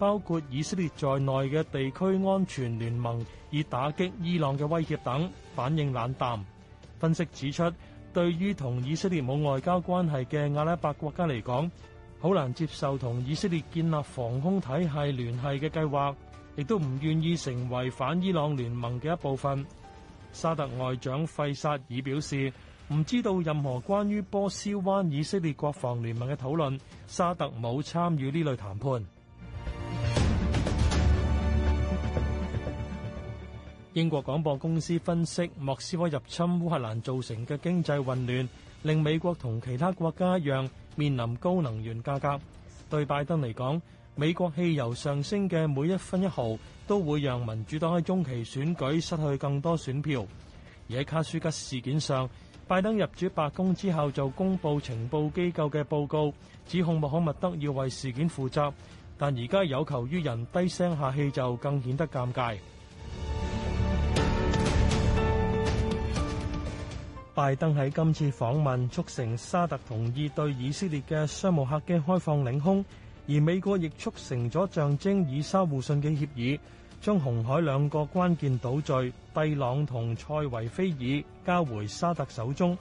包括以色列在內嘅地區安全聯盟以打擊伊朗嘅威脅等，反應冷淡。分析指出，對於同以色列冇外交關係嘅阿拉伯國家嚟講，好難接受同以色列建立防空體系聯繫嘅計劃，亦都唔願意成為反伊朗聯盟嘅一部分。沙特外長費薩爾表示，唔知道任何關於波斯灣以色列國防聯盟嘅討論，沙特冇參與呢類談判。英國廣播公司分析，莫斯科入侵烏克蘭造成嘅經濟混亂，令美國同其他國家一樣面臨高能源價格。對拜登嚟講，美國汽油上升嘅每一分一毫，都會讓民主黨喺中期選舉失去更多選票。而喺卡舒吉事件上，拜登入主白宮之後就公布情報機構嘅報告，指控穆罕默德要為事件負責。但而家有求於人，低聲下氣就更顯得尷尬。拜登喺今次訪問促成沙特同意對以色列嘅商務客機開放領空，而美國亦促成咗象徵以沙互信嘅協議，將紅海兩個關鍵島嶼蒂朗同塞維菲爾交回沙特手中。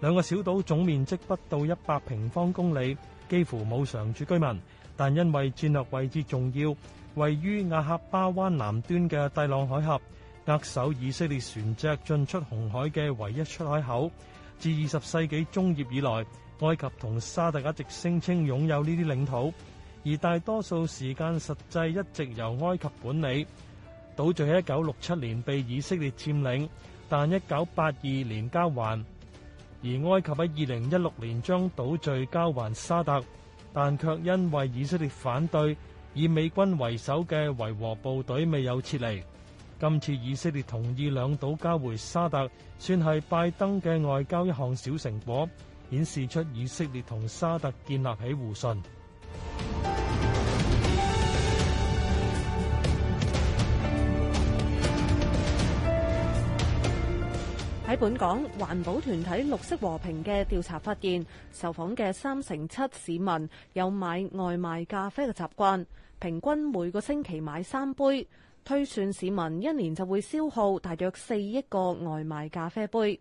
兩個小島總面積不到一百平方公里，幾乎冇常住居民。但因為戰略位置重要，位於亞喀巴灣南端嘅蒂朗海峽，扼守以色列船隻進出紅海嘅唯一出海口。自二十世紀中葉以來，埃及同沙特一直聲稱擁有呢啲領土，而大多數時間實際一直由埃及管理。島嶼喺一九六七年被以色列佔領，但一九八二年交還。而埃及喺二零一六年將島嶼交還沙特。但卻因為以色列反對，以美軍為首嘅維和部隊未有撤離，今次以色列同意兩島交回沙特，算係拜登嘅外交一項小成果，顯示出以色列同沙特建立起互信。喺本港，環保團體綠色和平嘅調查發現，受訪嘅三成七市民有買外賣咖啡嘅習慣，平均每個星期買三杯，推算市民一年就會消耗大約四億個外賣咖啡杯。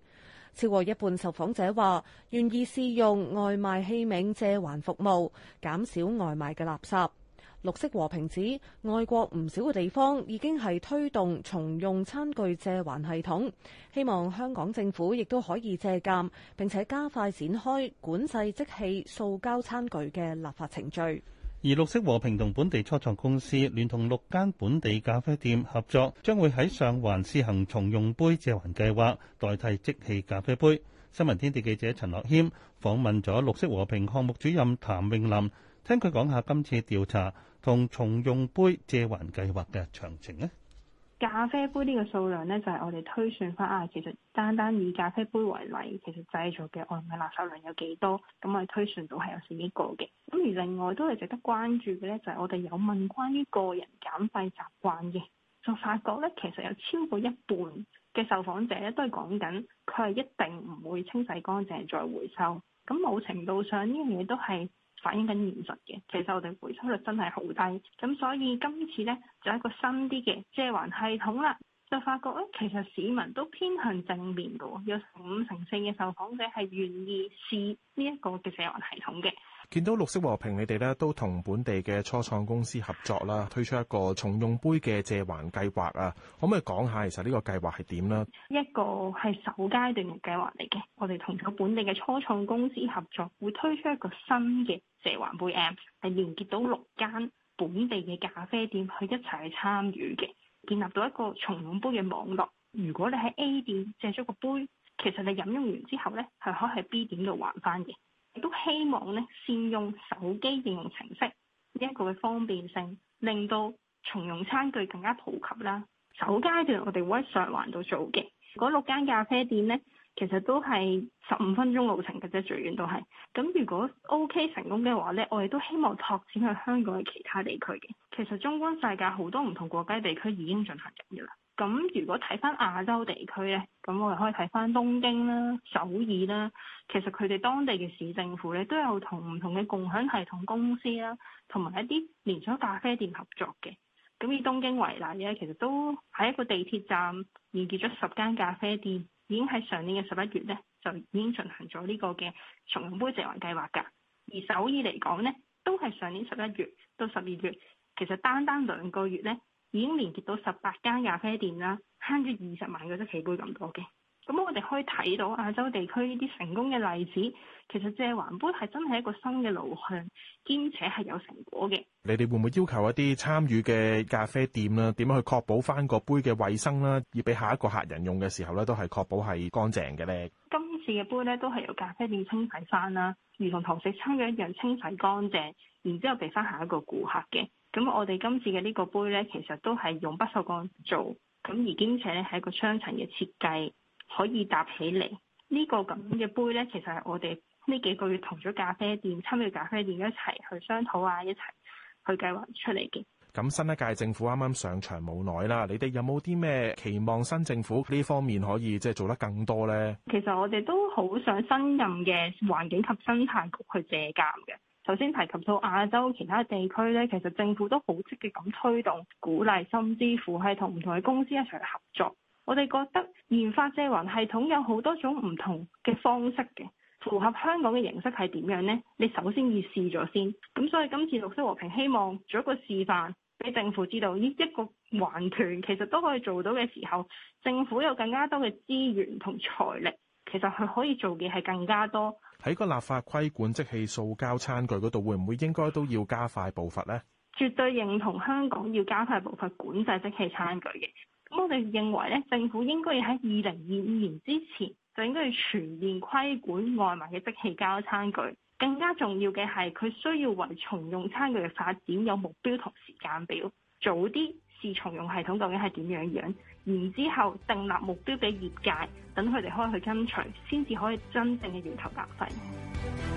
超過一半受訪者話願意試用外賣器皿借還服務，減少外賣嘅垃圾。綠色和平指，外國唔少嘅地方已經係推動重用餐具借還系統，希望香港政府亦都可以借鑑並且加快展開管制即棄塑膠餐具嘅立法程序。而綠色和平同本地初創公司聯同六間本地咖啡店合作，將會喺上環試行重用杯借還計劃，代替即棄咖啡杯。新聞天地記者陳樂謙訪問咗綠色和平項目主任譚泳琳，聽佢講下今次調查。同重用杯借還計劃嘅詳情呢？咖啡杯呢個數量呢，就係、是、我哋推算翻啊。其實單單以咖啡杯為例，其實製造嘅外賣垃圾量有幾多少？咁我哋推算到係有四億個嘅。咁而另外都係值得關注嘅呢，就係、是、我哋有問關於個人減廢習慣嘅，就發覺呢，其實有超過一半嘅受訪者呢都係講緊佢係一定唔會清洗乾淨再回收。咁某程度上呢樣嘢都係。反映緊現實嘅，其實我哋回收率真係好低，咁所以今次呢，就一個新啲嘅借還系統啦，就發覺咧其實市民都偏向正面嘅，有五成四嘅受訪者係願意試呢一個嘅借還系統嘅。見到綠色和平，你哋咧都同本地嘅初創公司合作啦，推出一個重用杯嘅借還計劃啊，可唔可以講下其實呢個計劃係點呢？一個係首階段嘅計劃嚟嘅，我哋同個本地嘅初創公司合作，會推出一個新嘅。蛇環杯 M 係連結到六間本地嘅咖啡店，去一齊去參與嘅，建立到一個重用杯嘅網絡。如果你喺 A 店借咗個杯，其實你飲用完之後呢，係可以喺 B 店度還翻嘅。亦都希望呢，善用手機應用程式呢一個嘅方便性，令到重用餐具更加普及啦。首階段我哋會喺上環度做嘅。嗰六間咖啡店呢。其實都係十五分鐘路程嘅啫，最遠都係。咁如果 OK 成功嘅話呢，我哋都希望拓展去香港嘅其他地區嘅。其實縱觀世界好多唔同國家地區已經進行緊嘅啦。咁如果睇翻亞洲地區呢，咁我哋可以睇翻東京啦、首爾啦。其實佢哋當地嘅市政府呢，都有同唔同嘅共享系統公司啦、啊，同埋一啲連鎖咖啡店合作嘅。咁以東京為例呢，其實都喺一個地鐵站連接咗十間咖啡店。已經喺上年嘅十一月咧，就已經進行咗呢個嘅重用杯借還計劃㗎。而首爾嚟講咧，都係上年十一月到十二月，其實單單兩個月咧，已經連結到十八間咖啡店啦，慳咗二十萬個紙杯咁多嘅。咁我哋可以睇到亞洲地區呢啲成功嘅例子，其實借環杯係真係一個新嘅路向，兼且係有成果嘅。你哋會唔會要求一啲參與嘅咖啡店啦，點樣去確保翻個杯嘅衛生啦，要俾下一個客人用嘅時候咧，都係確保係乾淨嘅呢。今次嘅杯呢，都係由咖啡店清洗翻啦，如同堂食餐嘅一樣清洗乾淨，然之後俾翻下一個顧客嘅。咁我哋今次嘅呢個杯呢，其實都係用不鏽鋼做，咁而兼且咧係一個雙層嘅設計。可以搭起嚟呢個咁嘅杯呢，其實係我哋呢幾個月同咗咖啡店、參與咖啡店一齊去商討啊，一齊去計劃出嚟嘅。咁新一屆政府啱啱上場冇耐啦，你哋有冇啲咩期望新政府呢方面可以即係做得更多呢？其實我哋都好想新任嘅環境及生態局去借鑒嘅。首先提及到亞洲其他地區呢，其實政府都好積極咁推動、鼓勵，甚至乎係同唔同嘅公司一齊合作。我哋覺得研發借還系統有好多種唔同嘅方式嘅，符合香港嘅形式係點樣呢？你首先要試咗先，咁所以今次綠色和平希望做一個示範，俾政府知道呢一個環團其實都可以做到嘅時候，政府有更加多嘅資源同財力，其實佢可以做嘅係更加多。喺個立法規管即棄塑膠餐具嗰度，會唔會應該都要加快步伐呢？絕對認同香港要加快步伐管制即棄餐具嘅。咁我哋認為咧，政府應該要喺二零二五年之前，就應該要全面規管外賣嘅即棄膠餐具。更加重要嘅係，佢需要為重用餐具嘅發展有目標同時間表。早啲試重用系統究竟係點樣樣，然之後訂立目標俾業界，等佢哋可以去跟隨，先至可以真正嘅源頭減廢。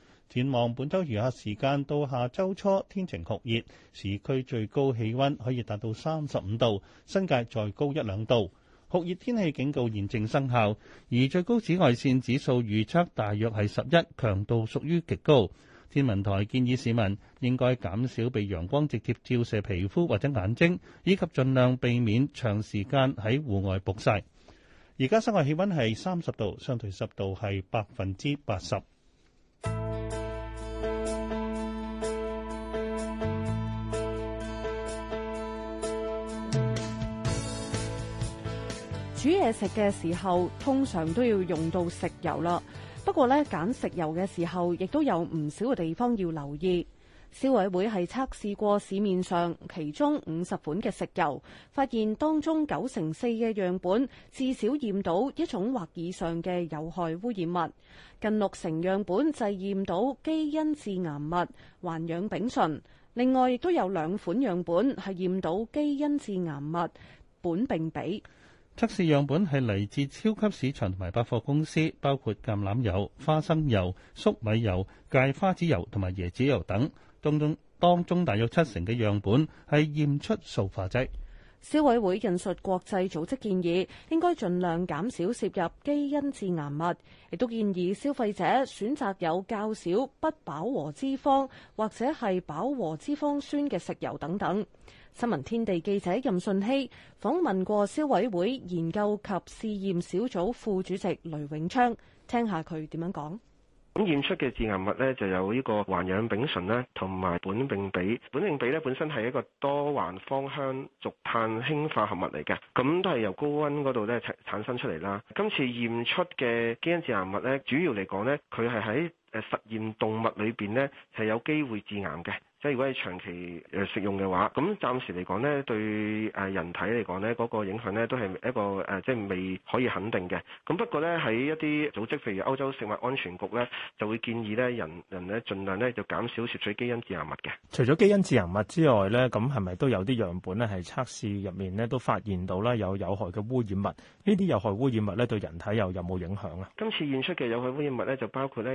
展望本周餘下時間到下周初，天晴酷熱，市區最高氣溫可以達到三十五度，新界再高一兩度。酷熱天氣警告現正生效，而最高紫外線指數預測大約係十一，強度屬於極高。天文台建議市民應該減少被陽光直接照射皮膚或者眼睛，以及盡量避免長時間喺戶外曝曬，而家室外氣溫係三十度，相對濕度係百分之八十。煮嘢食嘅時候，通常都要用到食油啦。不過咧，揀食油嘅時候，亦都有唔少嘅地方要留意。消委會係測試過市面上其中五十款嘅食油，發現當中九成四嘅樣本至少驗到一種或以上嘅有害污染物，近六成樣本就驗到基因致癌物環氧丙醇。另外，亦都有兩款樣本係驗到基因致癌物苯並芘。測試樣本係嚟自超級市場同埋百貨公司，包括橄欖油、花生油、粟米油、芥花籽油同埋椰子油等，當中當中大約七成嘅樣本係驗出塑化劑。消委會引述國際組織建議，應該盡量減少攝入基因致癌物，亦都建議消費者選擇有較少不飽和脂肪或者係飽和脂肪酸嘅食油等等。新聞天地記者任順希訪問過消委會研究及試驗小組副主席雷永昌，聽下佢點樣講。咁驗出嘅致癌物咧，就有呢個環氧丙醇啦，同埋苯并芘。苯并芘咧本身係一個多環芳香族碳氫化合物嚟嘅，咁都係由高温嗰度咧產生出嚟啦。今次驗出嘅基因致癌物咧，主要嚟講咧，佢係喺誒實驗動物裏邊咧係有機會致癌嘅。即係如果係長期食用嘅話，咁暫時嚟講呢，對人體嚟講呢，嗰、那個影響呢，都係一個、呃、即係未可以肯定嘅。咁不過呢，喺一啲組織，譬如歐洲食物安全局呢，就會建議呢，人人咧儘量呢就減少攝取基因致癌物嘅。除咗基因致癌物之外呢，咁係咪都有啲樣本呢？係測試入面呢，都發現到啦有有害嘅污染物？呢啲有害污染物呢，對人體又有冇影響啊？今次驗出嘅有害污染物呢，就包括呢，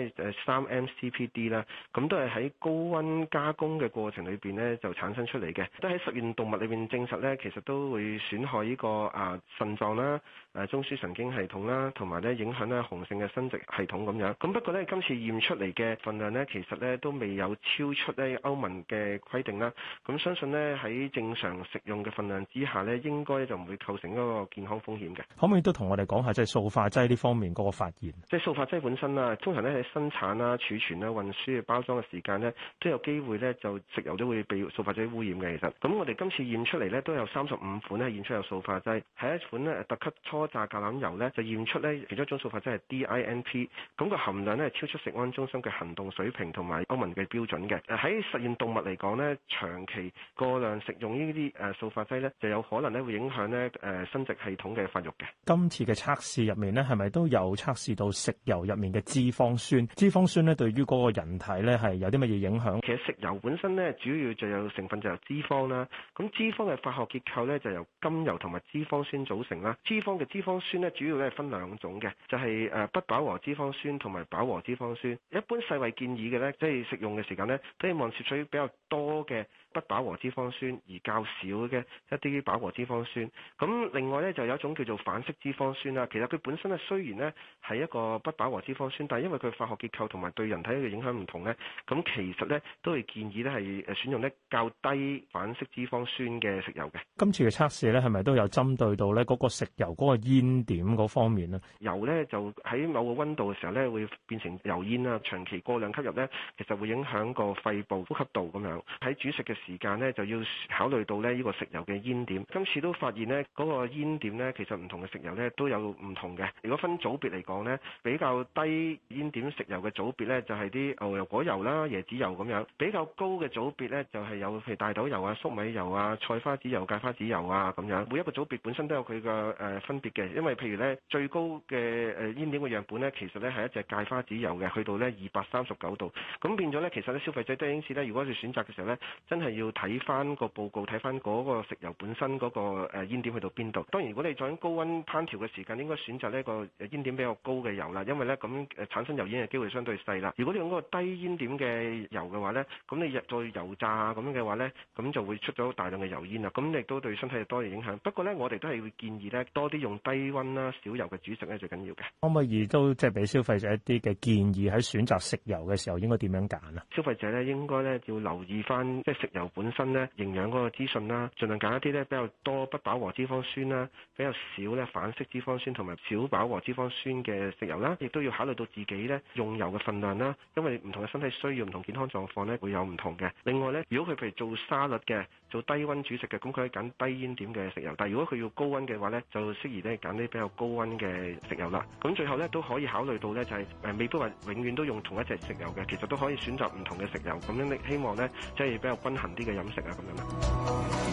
三 MCPD 啦，咁都係喺高温加工，嘅過程裏邊呢，就產生出嚟嘅，都喺實驗動物裏面證實呢，其實都會損害呢個啊腎臟啦、誒中樞神經系統啦，同埋咧影響咧雄性嘅生殖系統咁樣。咁不過呢，今次驗出嚟嘅份量呢，其實呢都未有超出呢歐盟嘅規定啦。咁相信呢，喺正常食用嘅份量之下呢，應該就唔會構成一個健康風險嘅。可唔可以都同我哋講下，即係塑化劑呢方面個發現？即係塑化劑本身啦，通常呢喺生產啦、啊、儲存啦、啊、運輸、啊、包裝嘅時間呢，都有機會呢。就食油都會被塑化劑污染嘅，其實咁我哋今次驗出嚟呢都有三十五款呢驗出有塑化劑，係一款呢特級初榨橄欖油呢就驗出呢其中一種塑化劑係 DINP，咁個含量呢超出食安中心嘅行動水平同埋歐盟嘅標準嘅。喺實驗動物嚟講呢長期過量食用呢啲誒塑化劑呢，就有可能呢會影響呢誒生殖系統嘅發育嘅。今次嘅測試入面呢，係咪都有測試到食油入面嘅脂肪酸？脂肪酸呢對於嗰個人體呢係有啲乜嘢影響？其實食油本。本身咧主要就有成分就由脂肪啦，咁脂肪嘅化學結構咧就由甘油同埋脂肪酸組成啦。脂肪嘅脂肪酸咧主要咧分兩種嘅，就係誒不飽和脂肪酸同埋飽和脂肪酸。一般世衛建議嘅咧，即係食用嘅時間咧，都希望攝取比較多嘅。不飽和脂肪酸而較少嘅一啲飽和脂肪酸，咁另外咧就有一種叫做反式脂肪酸啦。其實佢本身咧雖然咧係一個不飽和脂肪酸，但係因為佢嘅化學結構同埋對人體嘅影響唔同咧，咁其實咧都係建議咧係誒選用咧較低反式脂肪酸嘅食油嘅。今次嘅測試咧係咪都有針對到咧嗰個食油嗰個煙點嗰方面咧？油咧就喺某個温度嘅時候咧會變成油煙啦，長期過量吸入咧其實會影響個肺部、呼吸道咁樣。喺煮食嘅時候。時間呢，就要考慮到呢呢、這個食油嘅煙點。今次都發現呢嗰、那個煙點呢，其實唔同嘅食油呢都有唔同嘅。如果分組別嚟講呢，比較低煙點食油嘅組別呢，就係、是、啲牛油果油啦、椰子油咁樣；比較高嘅組別呢，就係、是、有譬如大豆油啊、粟米油啊、菜花籽油、芥花籽油啊咁樣。每一個組別本身都有佢嘅分別嘅，因為譬如呢最高嘅煙點嘅樣本呢，其實呢係一隻芥花籽油嘅，去到呢二百三十九度。咁變咗呢，其實呢消費者都係因此呢。如果佢選擇嘅時候呢，真係。要睇翻個報告，睇翻嗰個食油本身嗰個誒煙點去到邊度。當然，如果你在高溫烹調嘅時間，應該選擇呢個煙點比較高嘅油啦，因為呢咁誒產生油煙嘅機會相對細啦。如果你用嗰個低煙點嘅油嘅話呢，咁你入再油炸咁嘅話呢，咁就會出咗大量嘅油煙啦。咁亦都對身體有多嘢影響。不過呢，我哋都係會建議呢，多啲用低溫啦、少油嘅煮食呢最緊要嘅。可唔可以都即係俾消費者一啲嘅建議，喺選擇食油嘅時候應該點樣揀啊？消費者呢應該呢要留意翻即係食。油本身咧營養嗰個資訊啦，盡量揀一啲咧比較多不飽和脂肪酸啦，比較少咧反式脂肪酸同埋少飽和脂肪酸嘅食油啦，亦都要考慮到自己咧用油嘅份量啦，因為唔同嘅身體需要、唔同健康狀況咧會有唔同嘅。另外咧，如果佢譬如做沙律嘅。做低溫煮食嘅，咁佢可以揀低煙點嘅食油。但係如果佢要高溫嘅話呢，就適宜咧揀啲比較高溫嘅食油啦。咁最後呢都可以考慮到呢就係誒未必話永遠都用同一隻食油嘅，其實都可以選擇唔同嘅食油。咁樣你希望呢，即係比較均衡啲嘅飲食啊，咁樣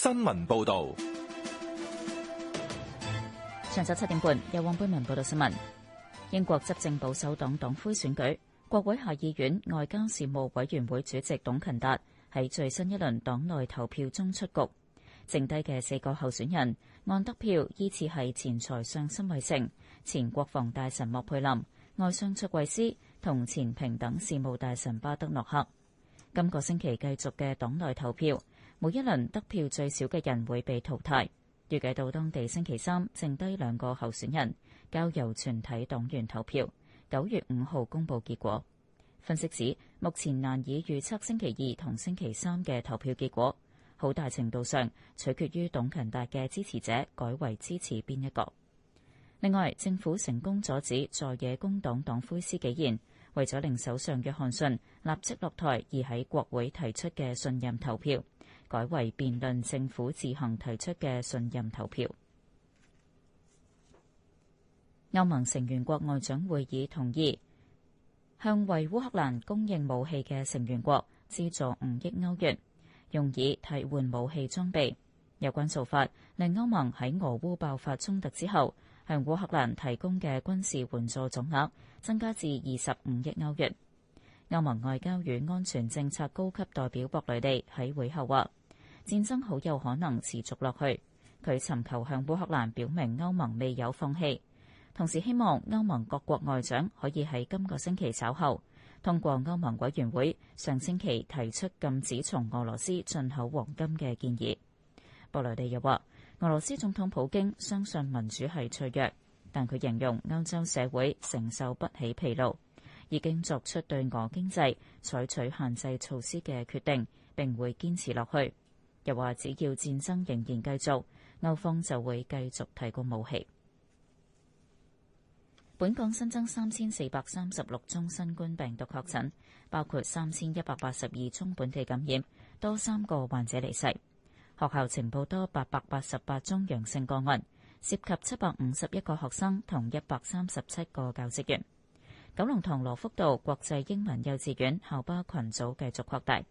新聞報道，上晝七點半由汪本文報道新聞。英國執政保守黨黨魁選舉，國會下議院外交事務委員會主席董勤達喺最新一輪黨內投票中出局，剩低嘅四個候選人按得票依次係前財相辛偉誠、前國防大臣莫佩林、外相卓慧思同前平等事務大臣巴德諾克。今個星期繼續嘅黨內投票。每一輪得票最少嘅人會被淘汰。預計到當地星期三，剩低兩個候選人，交由全體黨員投票。九月五號公布結果。分析指，目前難以預測星期二同星期三嘅投票結果，好大程度上取決於董勤達嘅支持者改為支持邊一個。另外，政府成功阻止在野工黨黨魁施紀賢為咗令首相約翰遜立即落台而喺國會提出嘅信任投票。改為辯論政府自行提出嘅信任投票。歐盟成員國外長會議同意向為烏克蘭供應武器嘅成員國資助五億歐元，用以替換武器裝備。有關做法令歐盟喺俄烏爆發衝突之後，向烏克蘭提供嘅軍事援助總額增加至二十五億歐元。歐盟外交與安全政策高級代表博雷利喺會後話。戰爭好有可能持續落去。佢尋求向烏克蘭表明歐盟未有放棄，同時希望歐盟各國外長可以喺今個星期稍後，通過歐盟委員會上星期提出禁止從俄羅斯進口黃金嘅建議。布雷利又話，俄羅斯總統普京相信民主係脆弱，但佢形容歐洲社會承受不起疲勞，已經作出對俄經濟採取限制措施嘅決定，並會堅持落去。又話只要戰爭仍然繼續，歐方就會繼續提供武器。本港新增三千四百三十六宗新冠病毒確診，包括三千一百八十二宗本地感染，多三個患者離世。學校呈報多八百八十八宗陽性個案，涉及七百五十一個學生同一百三十七個教職員。九龍塘羅福道國際英文幼稚園校巴群組繼續擴大。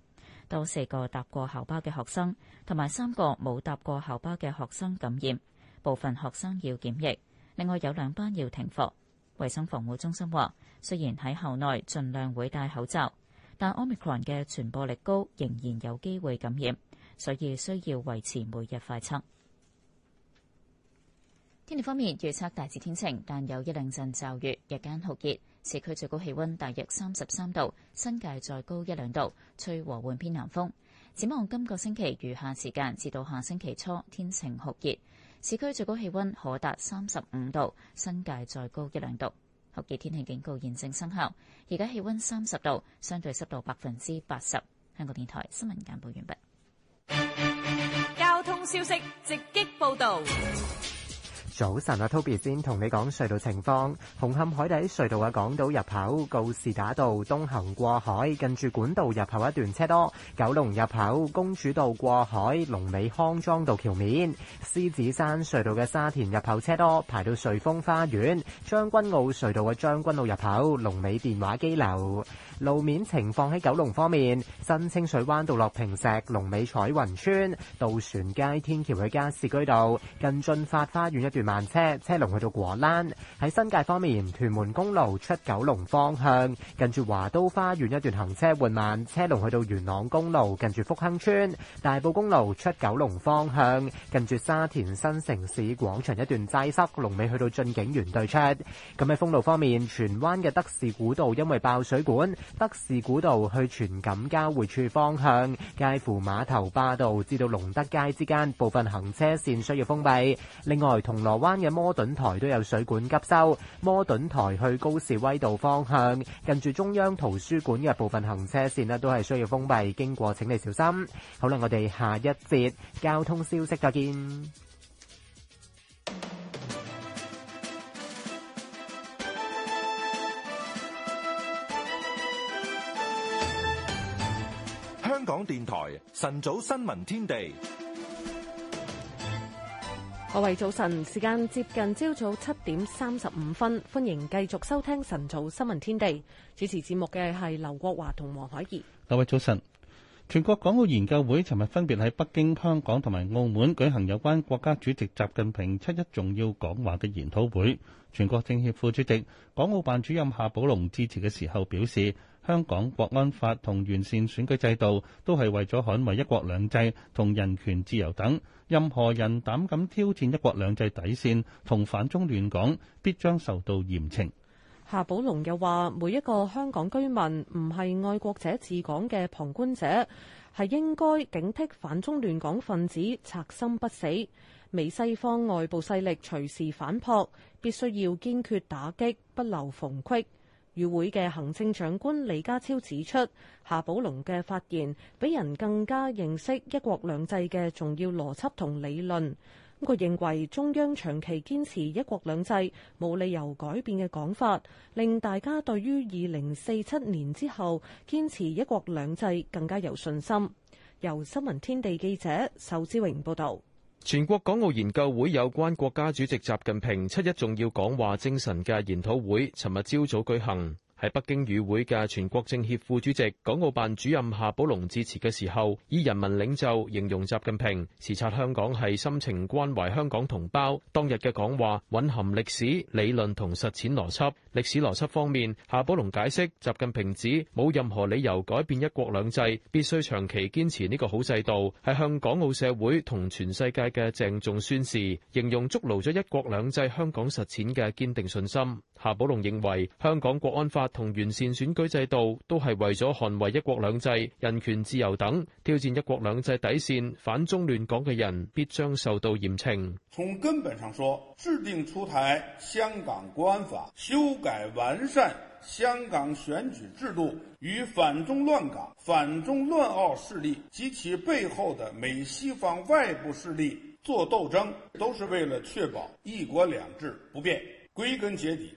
多四個搭過校巴嘅學生，同埋三個冇搭過校巴嘅學生感染，部分學生要檢疫，另外有兩班要停課。衛生防護中心話，雖然喺校內盡量會戴口罩，但 Omicron 嘅傳播力高，仍然有機會感染，所以需要維持每日快測。天氣方面，預測大致天晴，但有一兩陣驟雨，日間酷熱。市區最高氣溫大約三十三度，新界再高一兩度，吹和緩偏南風。展望今個星期餘下時間至到下星期初，天晴酷熱，市區最高氣溫可達三十五度，新界再高一兩度。酷熱天氣警告現正生效，而家氣溫三十度，相對濕度百分之八十。香港電台新聞簡報完畢。交通消息直擊報道。早晨啊，Toby 先同你講隧道情況。紅磡海底隧道嘅港島入口告士打道東行過海，近住管道入口一段車多。九龍入口公主道過海，龍尾康莊道橋面。獅子山隧道嘅沙田入口車多，排到瑞峰花園。將軍澳隧道嘅將軍澳入口龍尾電話機樓。路面情況喺九龍方面，新清水灣道落坪石龍尾彩雲村、渡船街天橋去加士居道，近駿發花園一段慢車，車龍去到果欄；喺新界方面，屯門公路出九龍方向，近住華都花園一段行車緩慢，車龍去到元朗公路近住福亨村；大埔公路出九龍方向，近住沙田新城市廣場一段擠塞，龍尾去到駿景園對出。咁喺封路方面，荃灣嘅德士古道因為爆水管，德士古道去荃錦交匯處方向，介乎碼頭巴道至到龍德街之間部分行車線需要封閉。另外，銅鑼灣嘅摩頓台都有水管急修，摩頓台去高士威道方向近住中央圖書館嘅部分行車線呢都係需要封閉，經過請你小心。好啦，我哋下一節交通消息再見。電台晨早新聞天地，各位早晨，時間接近朝早七點三十五分，歡迎繼續收聽晨早新聞天地。主持節目嘅係劉國華同黃海怡。各位早晨，全國港澳研究會尋日分別喺北京、香港同埋澳門舉行有關國家主席習近平七一重要講話嘅研討會。全國政協副主席、港澳辦主任夏寶龍致辭嘅時候表示，香港國安法同完善選舉制度都係為咗捍衞一國兩制同人權自由等。任何人膽敢挑戰一國兩制底線同反中亂港，必將受到嚴懲。夏寶龍又話：每一個香港居民唔係愛國者治港嘅旁觀者，係應該警惕反中亂港分子賊心不死，美西方外部勢力隨時反撲，必須要堅決打擊，不留縫隙。與會嘅行政長官李家超指出，夏寶龍嘅發言俾人更加認識一國兩制嘅重要邏輯同理論。佢認為中央長期堅持一國兩制，冇理由改變嘅講法，令大家對於二零四七年之後堅持一國兩制更加有信心。由新聞天地記者仇志榮報道。全國港澳研究會有關國家主席習近平七一重要講話精神嘅研討會，尋日朝早舉行。喺北京與會嘅全國政協副主席、港澳辦主任夏寶龍致辭嘅時候，以人民領袖形容習近平，視察香港係深情關懷香港同胞。當日嘅講話蘊含歷史理論同實踐邏輯。歷史邏輯方面，夏寶龍解釋，習近平指冇任何理由改變一國兩制，必須長期堅持呢個好制度，係向港澳社會同全世界嘅鄭重宣示，形容築牢咗一國兩制香港實踐嘅堅定信心。夏寶龍認為，香港國安法同完善選舉制度都係為咗捍衛一國兩制、人權自由等，挑戰一國兩制底線、反中亂港嘅人必將受到嚴懲。從根本上說，制定出台香港國安法、修改完善香港選舉制度，與反中亂港、反中亂澳勢力及其背後的美西方外部勢力作鬥爭，都是為了確保一國兩制不變。歸根結底，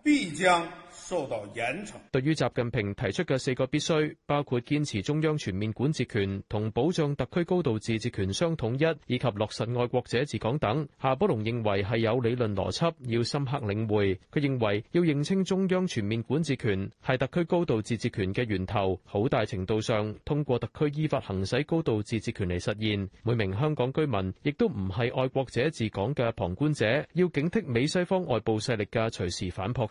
必將受到嚴懲。對於習近平提出嘅四個必須，包括堅持中央全面管治權同保障特區高度自治權相統一，以及落實愛國者治港等，夏寶龍認為係有理論邏輯，要深刻領會。佢認為要認清中央全面管治權係特區高度自治權嘅源頭，好大程度上通過特區依法行使高度自治權嚟實現。每名香港居民亦都唔係愛國者治港嘅旁觀者，要警惕美西方外部勢力嘅隨時反撲。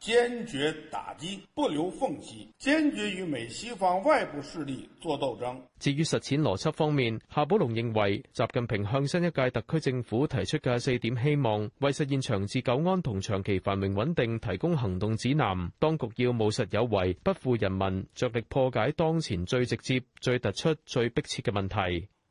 堅決打擊，不留縫隙；堅決與美西方外部勢力作鬥爭。至於實踐邏輯方面，夏寶龍認為，習近平向新一屆特區政府提出嘅四點希望，為實現長治久安同長期繁榮穩定提供行動指南。當局要務實有為，不負人民，着力破解當前最直接、最突出、最迫切嘅問題。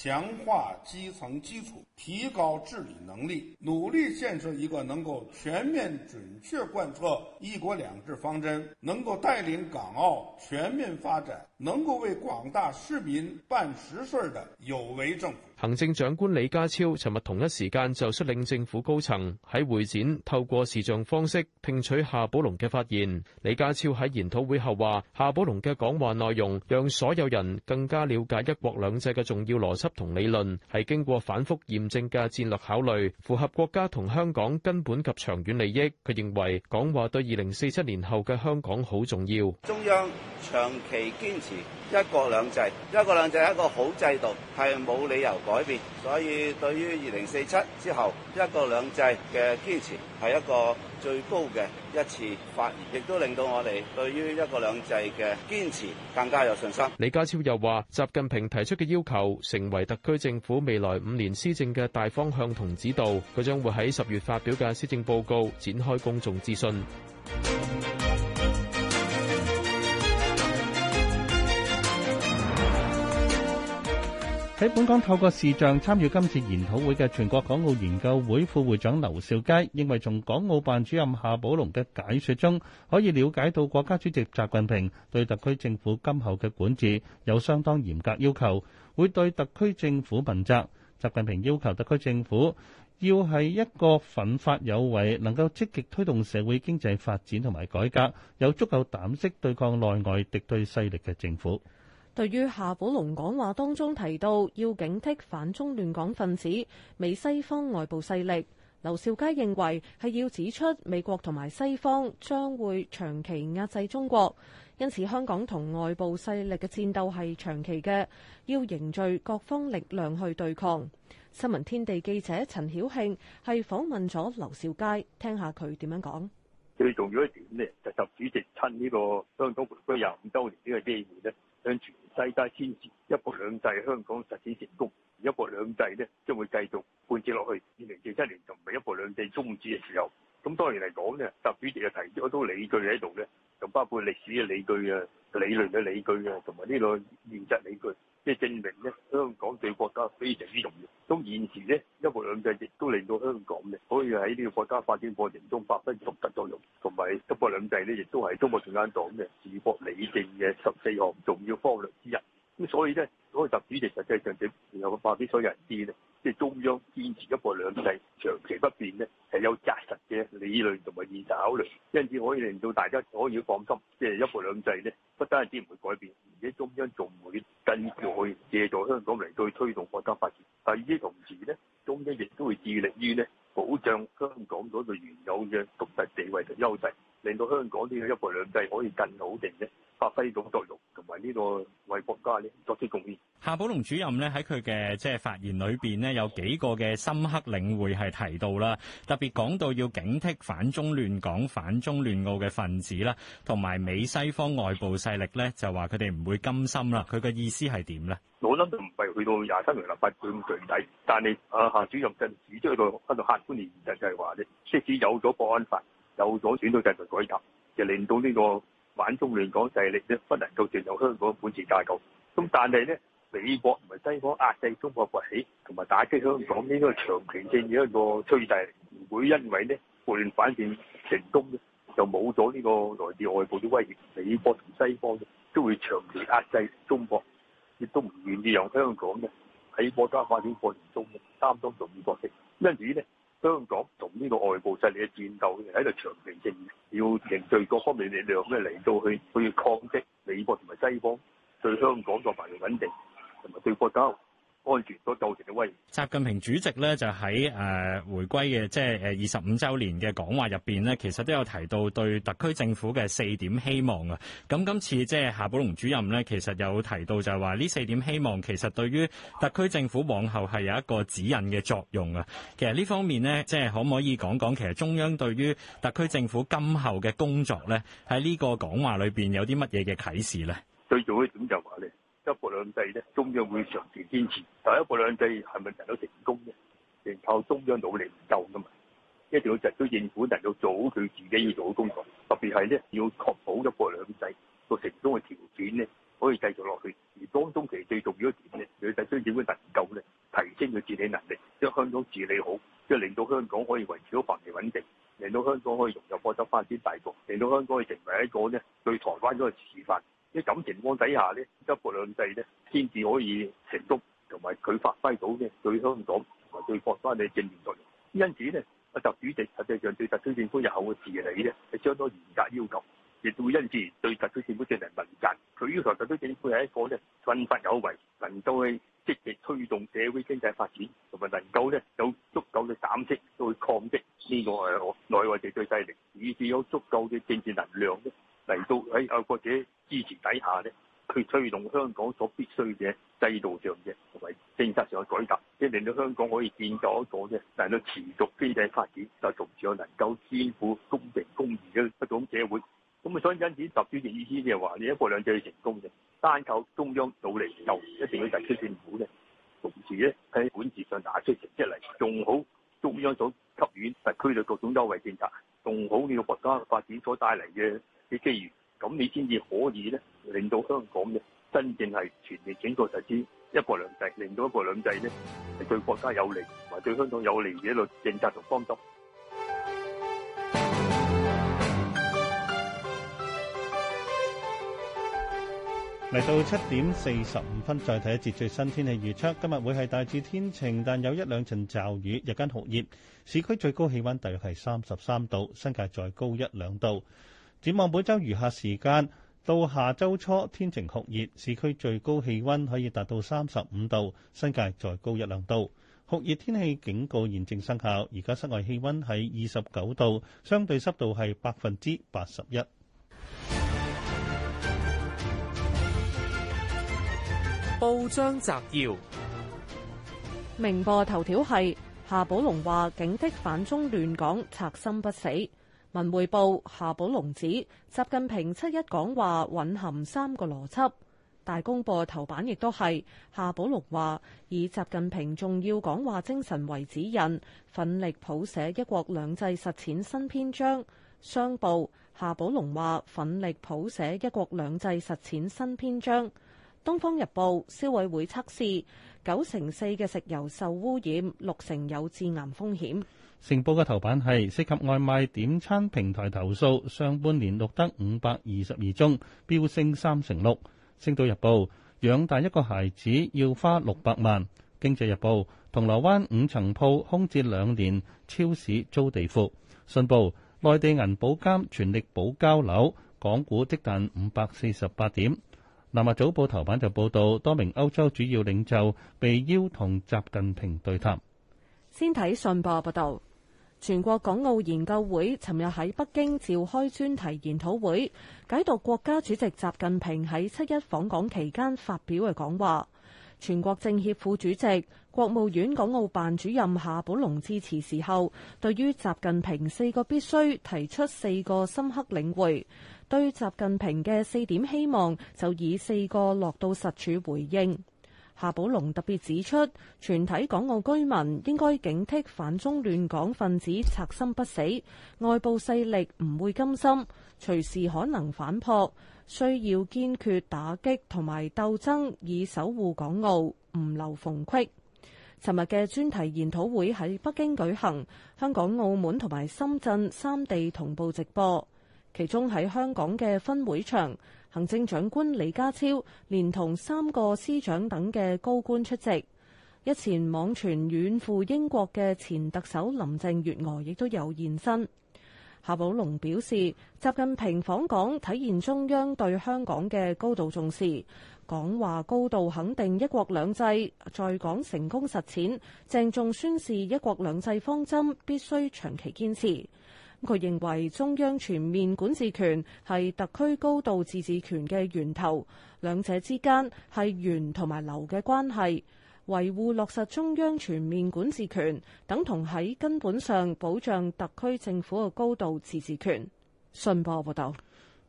強化基層基礎，提高治理能力，努力建設一個能夠全面準確貫徹“一國兩制”方針，能夠帶領港澳全面發展，能夠為廣大市民辦實事的有為政府。行政長官李家超尋日同一時間就率領政府高層喺會展透過視像方式聽取夏寶龍嘅發言。李家超喺研討會後話，夏寶龍嘅講話內容讓所有人更加了解“一國兩制”嘅重要邏輯同理論係經過反覆驗證嘅戰略考慮，符合國家同香港根本及長遠利益。佢認為講話對二零四七年後嘅香港好重要。中央長期堅持一國兩制，一國兩制係一個好制度，係冇理由改變。所以對於二零四七之後一國兩制嘅堅持係一個。最高嘅一次發言，亦都令到我哋對於一國兩制嘅堅持更加有信心。李家超又話習近平提出嘅要求，成為特區政府未來五年施政嘅大方向同指導，佢將會喺十月發表嘅施政報告，展開公眾諮詢。喺本港透過視像參與今次研討會嘅全國港澳研究會副會長劉兆佳認為，從港澳辦主任夏寶龍嘅解說中，可以了解到國家主席習近平對特區政府今後嘅管治有相當嚴格要求，會對特區政府問責。習近平要求特區政府要係一個奮發有為，能夠積極推動社會經濟發展同埋改革，有足夠膽識對抗內外敵對勢力嘅政府。對於夏寶龍講話當中提到要警惕反中亂港分子、美西方外部勢力，劉兆佳認為係要指出美國同埋西方將會長期壓制中國，因此香港同外部勢力嘅戰鬥係長期嘅，要凝聚各方力量去對抗。新聞天地記者陳曉慶係訪問咗劉兆佳，聽下佢點樣講。最重要一點呢，就就主席趁呢個香港回歸廿五週年呢個機會呢向全世界宣示一國兩制香港實踐成功，而一國兩制呢將會繼續貫徹落去。二零四七年就唔係一國兩制終止嘅時候。咁當然嚟講咧，習主席啊提出好多理據喺度咧，就包括歷史嘅理據啊、理論嘅理據啊，同埋呢個現實理據，即係證明咧，香港對國家非常之重要。咁現時咧，一國兩制亦都令到香港嘅，可以喺呢個國家發展過程中發揮獨特作用，同埋一國兩制咧，亦都係中國共產黨嘅治國理政嘅十四項重要方略之一。咁所以咧，嗰、那個習主席實際上就然後話俾所有人知咧，即係中央堅持一國兩制長期不變咧，係有紮實嘅理論同埋現實考慮，因此可以令到大家可以放心，即係一國兩制咧，不單止唔會改變，而且中央仲會繼續去借助香港嚟去推動國家發展。但係呢同時咧，中央亦都會致力於咧，保障香港嗰個原有嘅獨特地位同優勢。令到香港呢個一國兩制可以更好地啫，發揮到作用，同埋呢個為國家咧作出貢獻。夏寶龍主任咧喺佢嘅即係發言裏邊咧有幾個嘅深刻領會係提到啦，特別講到要警惕反中亂港、反中亂澳嘅分子啦，同埋美西方外部勢力咧就話佢哋唔會甘心啦。佢嘅意思係點咧？我諗都唔係去到廿三條立法咁具體，但係啊夏主任就指出一個一個客觀嘅現實就係話咧，即使有咗保安法。有咗選舉制度改革，就令到呢個反中亂港勢力咧不能夠佔有香港本次架構。咁但係咧，美國同埋西方壓制中國崛起，同埋打擊香港呢個長期政治一個趨勢，唔會因為咧反叛成功咧就冇咗呢個來自外部嘅威脅。美國同西方都會長期壓制，制中國，亦都唔願意讓香港咧喺國家發展過程中擔當重要角色。因此咧。香港同呢個外部勢力嘅戰鬥，喺度長期性要凝聚各方面的力量，咩嚟到去去抗擊美國同埋西方對香港嘅繁榮穩定同埋對國家。安全都造成啲威脅。習近平主席咧就喺，誒、呃、回歸嘅即係誒二十五周年嘅講話入邊咧,其實都有提到對特區政府嘅四點希望啊。咁今次即係夏寶龍主任咧，其實有提到就係話呢四點希望，其實對於特區政府往後係有一個指引嘅作用啊。其實呢方面咧，即係可唔可以講講其實中央對於特區政府今後嘅工作咧，喺呢個講話裏邊有啲乜嘢嘅啟示咧？最重要一點就話咧。一國兩制啫，中央會長期堅持。但一國兩制係咪能夠成功咧？仍靠中央努力唔夠噶嘛。一定要特區政府，能夠做好佢自己要做好工作。特別係咧，要確保一國兩制個成功嘅條件咧可以繼續落去。而當中其實最重要嘅一點咧，就要特區政府能夠咧提升佢治理能力，將香港治理好，即係令到香港可以維持到繁榮穩定，令到香港可以融入國家發展大局，令到香港可以成為一個咧對台灣嗰個示範。咁情況底下咧，一國兩制咧先至可以成功，同埋佢發揮到嘅對香港同埋對國家嘅正面作用。因此咧，啊習主席實際上對特區政府日後嘅治理咧係相當嚴格要求，亦都會因此對特區政府進行問責。佢要求特區政府係一個咧奮發有為，能夠去積極推動社會經濟發展，同埋能夠咧有足夠嘅膽識去抗擊呢個係內外敵對勢力，以致有足夠嘅政治能量。嚟到喺愛國者支持底下咧，佢推動香港所必須嘅制度上嘅同埋政策上嘅改革，即係令到香港可以建咗一個嘅能夠持續經濟發展，就同時又能夠支付公平公義嘅一種社會。咁啊，所以因此習主席意思，就係話：你一國兩制要成功嘅，單靠中央努力又一定要特區政府嘅，同時咧喺管治上打出成績嚟，用好中央所給予特區嘅各種優惠政策，用好你嘅國家發展所帶嚟嘅，啲機遇，咁你先至可以咧，令到香港嘅真正係全面整個實施一國兩制，令到一國兩制呢咧，對國家有利，同埋對香港有利嘅一個政策同方針。嚟到七點四十五分，再睇一節最新天氣預測。今日會係大致天晴，但有一兩陣驟雨，日間酷熱，市區最高氣温大約係三十三度，新界再高一兩度。展望本周餘下時間，到下周初，天晴酷熱，市區最高氣温可以達到三十五度，新界再高一兩度。酷熱天氣警告現正生效，而家室外氣温喺二十九度，相對濕度係百分之八十一。報章摘要：明報頭條係夏寶龍話警惕反中亂港，賊心不死。文匯報，夏寶龍指習近平七一講話蘊含三個邏輯。大公報頭版亦都係夏寶龍話以習近平重要講話精神為指引，奮力譜寫一國兩制實踐新篇章。商報，夏寶龍話奮力譜寫一國兩制實踐新篇章。東方日報，消委會測試九成四嘅食油受污染，六成有致癌風險。成報嘅頭版係涉及外賣點餐平台投訴，上半年錄得五百二十二宗，飆升三成六，星島日報，養大一個孩子要花六百萬。經濟日報，銅鑼灣五層鋪空置兩年，超市租地庫。信報，內地銀保監全力保交樓，港股即彈五百四十八點。南華早報頭版就報導，多名歐洲主要領袖被邀同習近平對談。先睇信報報導，全國港澳研究會尋日喺北京召開專題研討會，解讀國家主席習近平喺七一訪港期間發表嘅講話。全國政協副主席、國務院港澳辦主任夏寶龍致辭時候，對於習近平四個必須提出四個深刻領會，對習近平嘅四點希望就以四個落到實處回應。夏寶龍特別指出，全體港澳居民應該警惕反中亂港分子賊心不死，外部勢力唔會甘心，隨時可能反撲，需要堅決打擊同埋鬥爭，以守護港澳，唔留縫隙。尋日嘅專題研討會喺北京舉行，香港、澳門同埋深圳三地同步直播，其中喺香港嘅分會場。行政長官李家超連同三個司長等嘅高官出席，日前網傳遠赴英國嘅前特首林鄭月娥亦都有現身。夏寶龍表示，習近平訪港體現中央對香港嘅高度重視，講話高度肯定一國兩制在港成功實踐，鄭重宣示一國兩制方針必須長期堅持。佢認為中央全面管治權係特區高度自治權嘅源頭，兩者之間係源同埋流嘅關係。維護落實中央全面管治權，等同喺根本上保障特區政府嘅高度自治權。信報報道，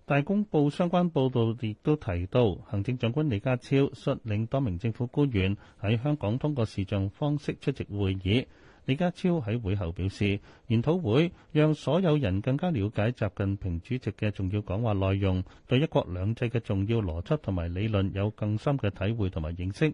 大公報相關報導亦都提到，行政長官李家超率領多名政府官員喺香港通過視像方式出席會議。李家超喺會後表示，研討會讓所有人更加了解習近平主席嘅重要講話內容，對一國兩制嘅重要邏輯同埋理論有更深嘅體會同埋認識。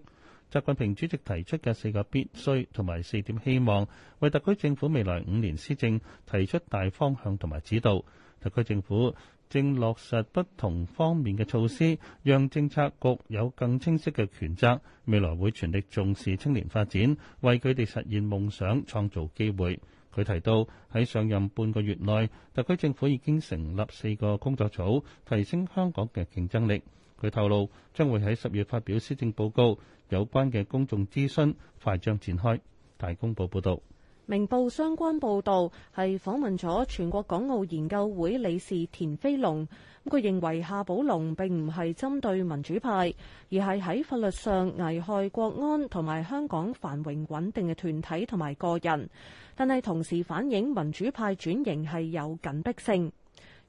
習近平主席提出嘅四個必須同埋四點希望，為特區政府未來五年施政提出大方向同埋指導。特區政府正落實不同方面嘅措施，讓政策局有更清晰嘅權責，未來會全力重視青年發展，為佢哋實現夢想創造機會。佢提到喺上任半個月內，特區政府已經成立四個工作組，提升香港嘅競爭力。佢透露將會喺十月發表施政報告，有關嘅公眾諮詢快將展開。大公報報道。明報相關報導係訪問咗全國港澳研究會理事田飛龍，佢認為夏寶龍並唔係針對民主派，而係喺法律上危害國安同埋香港繁榮穩定嘅團體同埋個人，但係同時反映民主派轉型係有緊迫性。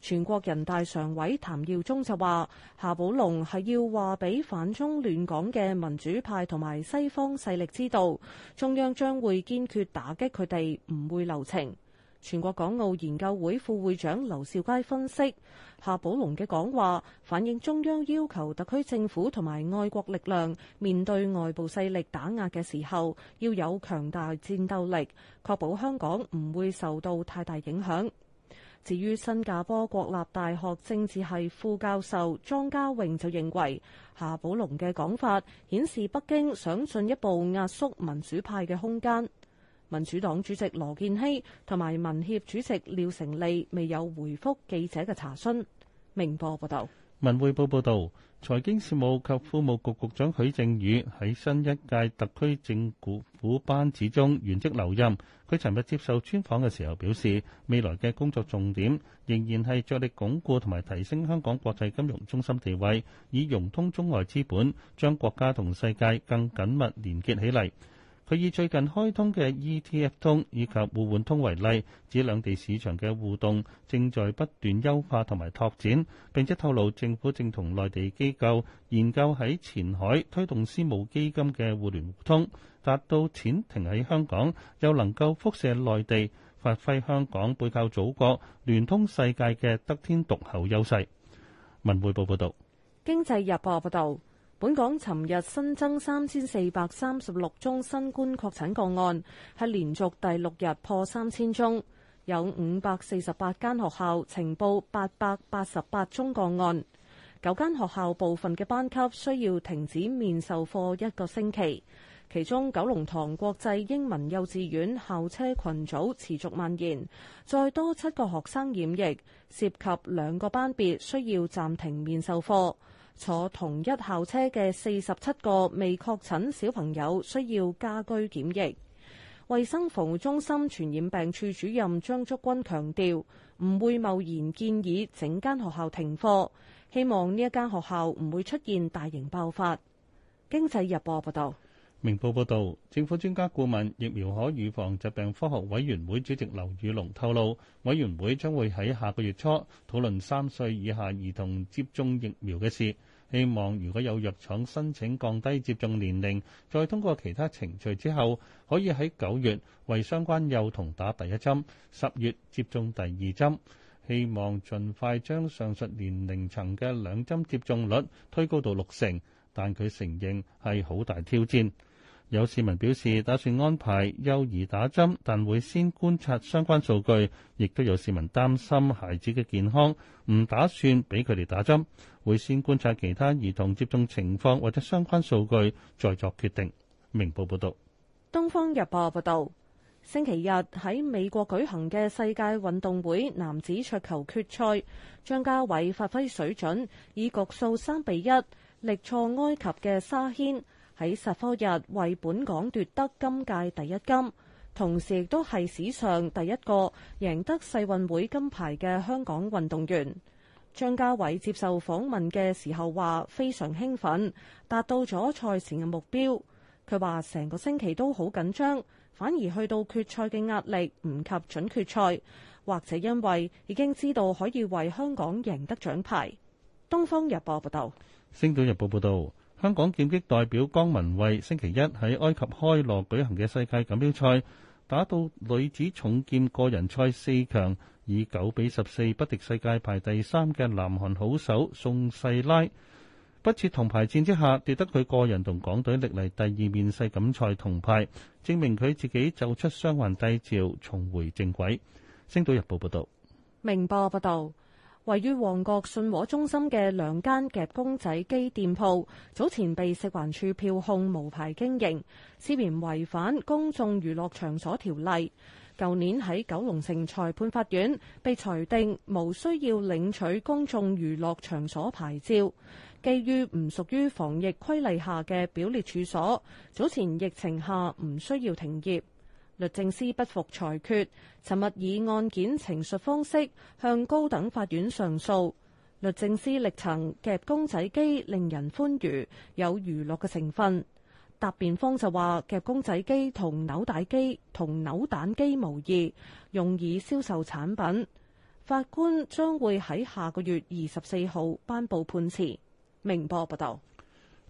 全國人大常委譚耀宗就話：夏寶龍係要話俾反中亂港嘅民主派同埋西方勢力知道，中央將會堅決打擊佢哋，唔會留情。全國港澳研究會副會長劉兆佳分析，夏寶龍嘅講話反映中央要求特區政府同埋外國力量面對外部勢力打壓嘅時候，要有強大戰鬥力，確保香港唔會受到太大影響。至於新加坡國立大學政治系副教授莊家穎就認為，夏寶龍嘅講法顯示北京想進一步壓縮民主派嘅空間。民主黨主席羅健熙同埋民協主席廖成利未有回覆記者嘅查詢。明報報道。文匯報報道，財經事務及庫務局局長許正宇喺新一屆特區政府班子中原職留任。佢尋日接受專訪嘅時候表示，未來嘅工作重點仍然係着力鞏固同埋提升香港國際金融中心地位，以融通中外資本，將國家同世界更緊密連結起嚟。佢以最近開通嘅 ETF 通以及互換通為例，指兩地市場嘅互動正在不斷優化同埋拓展。並且透露，政府正同內地機構研究喺前海推動私募基金嘅互聯互通，達到錢停喺香港又能夠輻射內地，發揮香港背靠祖國、聯通世界嘅得天獨厚優勢。文匯報報道。《經濟日報》報道。本港尋日新增三千四百三十六宗新冠確診個案，係連續第六日破三千宗。有五百四十八間學校呈報八百八十八宗個案，九間學校部分嘅班級需要停止面授課一個星期。其中九龍塘國際英文幼稚園校車群組持續蔓延，再多七個學生染疫，涉及兩個班別需要暫停面授課。坐同一校車嘅四十七個未確診小朋友需要家居檢疫。衛生防護中心傳染病處主任張竹君強調，唔會貿然建議整間學校停課，希望呢一間學校唔會出現大型爆發。經濟日報報道。明報報導，政府專家顧問疫苗可預防疾病科學委員會主席劉宇龍透露，委員會將會喺下個月初討論三歲以下兒童接種疫苗嘅事。希望如果有藥廠申請降低接種年齡，再通過其他程序之後，可以喺九月為相關幼童打第一針，十月接種第二針。希望盡快將上述年齡層嘅兩針接種率推高到六成，但佢承認係好大挑戰。有市民表示打算安排幼兒打針，但會先觀察相關數據。亦都有市民擔心孩子嘅健康，唔打算俾佢哋打針，會先觀察其他兒童接種情況或者相關數據再作決定。明報報道。東方日報報道，星期日喺美國舉行嘅世界運動會男子桌球決賽，張家偉發揮水準，以局數三比一力挫埃及嘅沙軒。喺十科日為本港奪得今屆第一金，同時亦都係史上第一個贏得世運會金牌嘅香港運動員。張家偉接受訪問嘅時候話：非常興奮，達到咗賽前嘅目標。佢話成個星期都好緊張，反而去到決賽嘅壓力唔及準決賽，或者因為已經知道可以為香港贏得獎牌。東方日報報道，星島日報報道。香港劍擊代表江文蔚星期一喺埃及開羅舉行嘅世界錦標賽，打到女子重劍個人賽四強，以九比十四不敵世界排第三嘅南韓好手宋世拉，不設銅牌戰之下，奪得佢個人同港隊歷嚟第二面世錦賽銅牌，證明佢自己走出傷患低潮，重回正軌。星島日報報道：明報報道。位於旺角信和中心嘅兩間夾公仔機店鋪，早前被食環署票控無牌經營，涉嫌違反《公眾娛樂場所條例》。舊年喺九龍城裁判法院被裁定無需要領取公眾娛樂場所牌照，基於唔屬於防疫規例下嘅表列處所。早前疫情下唔需要停業。律政司不服裁決，尋日以案件陳述方式向高等法院上訴。律政司力稱夾公仔機令人歡愉，有娛樂嘅成分。答辯方就話夾公仔機同扭，扭蛋機同扭蛋機無異，用以銷售產品。法官將會喺下個月二十四號頒布判詞。明報報道。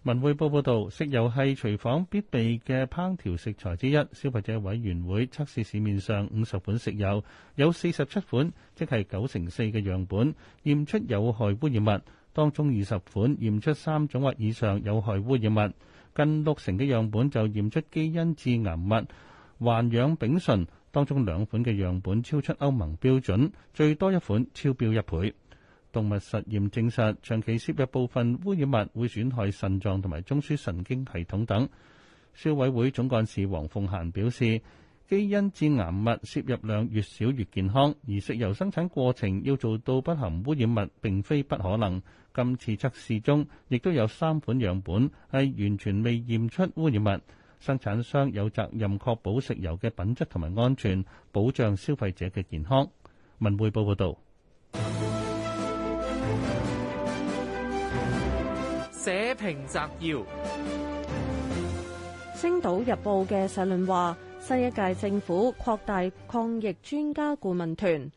文匯報報道，食油係廚房必備嘅烹調食材之一。消費者委員會測試市面上五十款食油，有四十七款，即係九成四嘅樣本，驗出有害污染物。當中二十款驗出三種或以上有害污染物，近六成嘅樣本就驗出基因致癌物環氧丙醇，當中兩款嘅樣本超出歐盟標準，最多一款超標一倍。動物實驗證實，長期攝入部分污染物會損害腎臟同埋中樞神經系統等。消委會總幹事黃鳳嫻表示，基因致癌物攝入量越少越健康，而食油生產過程要做到不含污染物並非不可能。今次測試中，亦都有三款樣本係完全未驗出污染物。生產商有責任確保食油嘅品質同埋安全，保障消費者嘅健康。文匯報報道。社評摘要，《星島日報》嘅社論話：新一屆政府擴大抗疫專家顧問團，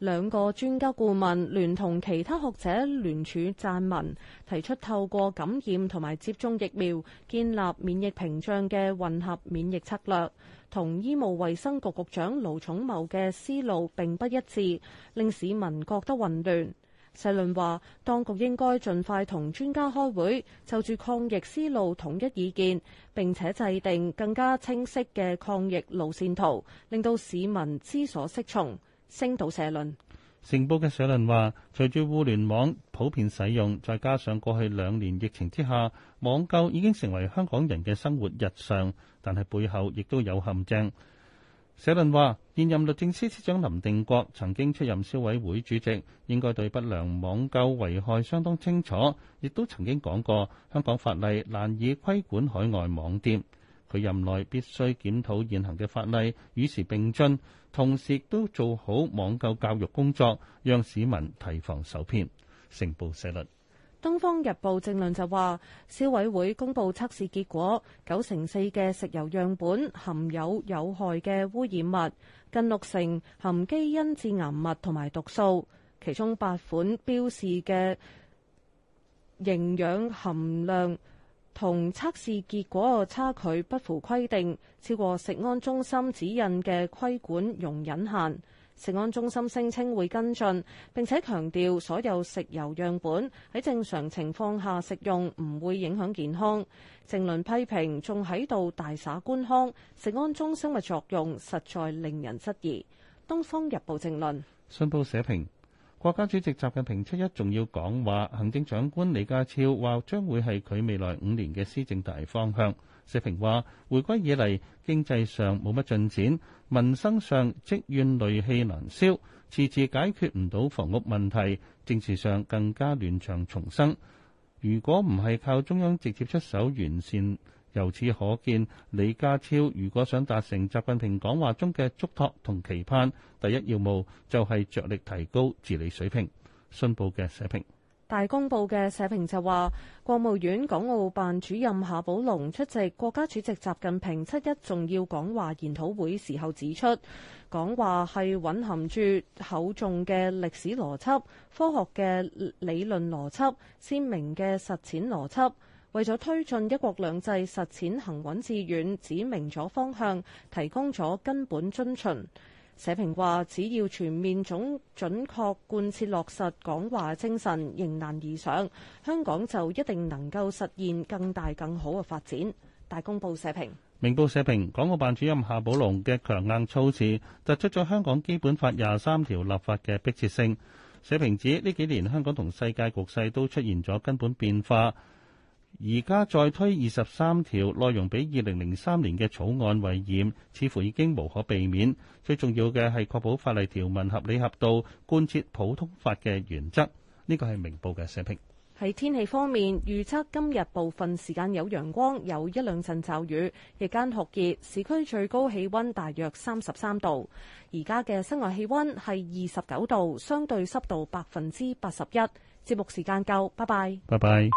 兩個專家顧問聯同其他學者聯署撰文，提出透過感染同埋接種疫苗建立免疫屏障嘅混合免疫策略，同醫務衛生局局長盧寵茂嘅思路並不一致，令市民覺得混亂。社論話：當局應該盡快同專家開會，就住抗疫思路統一意見，並且制定更加清晰嘅抗疫路綫圖，令到市民知所適從。星島社論，成報嘅社論話：隨住互聯網普遍使用，再加上過去兩年疫情之下，網購已經成為香港人嘅生活日常，但係背後亦都有陷阱。社論話。現任律政司司長林定國曾經出任消委會主席，應該對不良網購危害相當清楚，亦都曾經講過香港法例難以規管海外網店。佢任內必須檢討現行嘅法例，與時並進，同時亦都做好網購教育工作，讓市民提防受騙。成報社論。《東方日報》正論就話，消委會公布測試結果，九成四嘅食油樣本含有有害嘅污染物，近六成含基因致癌物同埋毒素，其中八款標示嘅營養含量同測試結果嘅差距不符規定，超過食安中心指引嘅規管容忍限。食安中心聲稱會跟進，並且強調所有食油樣本喺正常情況下食用唔會影響健康。政論批評仲喺度大灑官腔，食安中心嘅作用實在令人質疑。東方日報政論、信報社評，國家主席習近平七一重要講話，行政長官李家超話將會係佢未來五年嘅施政大方向。社評話：回歸以嚟，經濟上冇乜進展，民生上積怨累氣難消，次次解決唔到房屋問題，政治上更加亂象叢生。如果唔係靠中央直接出手完善，由此可見，李家超如果想達成習近平講話中嘅囑託同期盼，第一要務就係着力提高治理水平。信報嘅社評。大公報嘅社評就話，國務院港澳辦主任夏寶龍出席國家主席習近平七一重要講話研討會時候指出，講話係蘊含住厚重嘅歷史邏輯、科學嘅理論邏輯、鮮明嘅實踐邏輯，為咗推進一國兩制實踐行穩致遠，指明咗方向，提供咗根本遵循。社評話，只要全面總準確貫徹落實講話精神，迎難而上，香港就一定能夠實現更大更好嘅發展。大公報社評。明報社評，港澳辦主任夏寶龍嘅強硬措辭，突出咗香港基本法廿三條立法嘅迫切性。社評指呢幾年香港同世界局勢都出現咗根本變化。而家再推二十三條內容，比二零零三年嘅草案為嚴，似乎已經無可避免。最重要嘅係確保法例條文合理、合度，貫徹普通法嘅原則。呢個係明報嘅社評。喺天氣方面，預測今日部分時間有陽光，有一兩陣驟雨，日間酷熱，市區最高氣溫大約三十三度。而家嘅室外氣溫係二十九度，相對濕度百分之八十一。節目時間夠，拜拜，拜拜。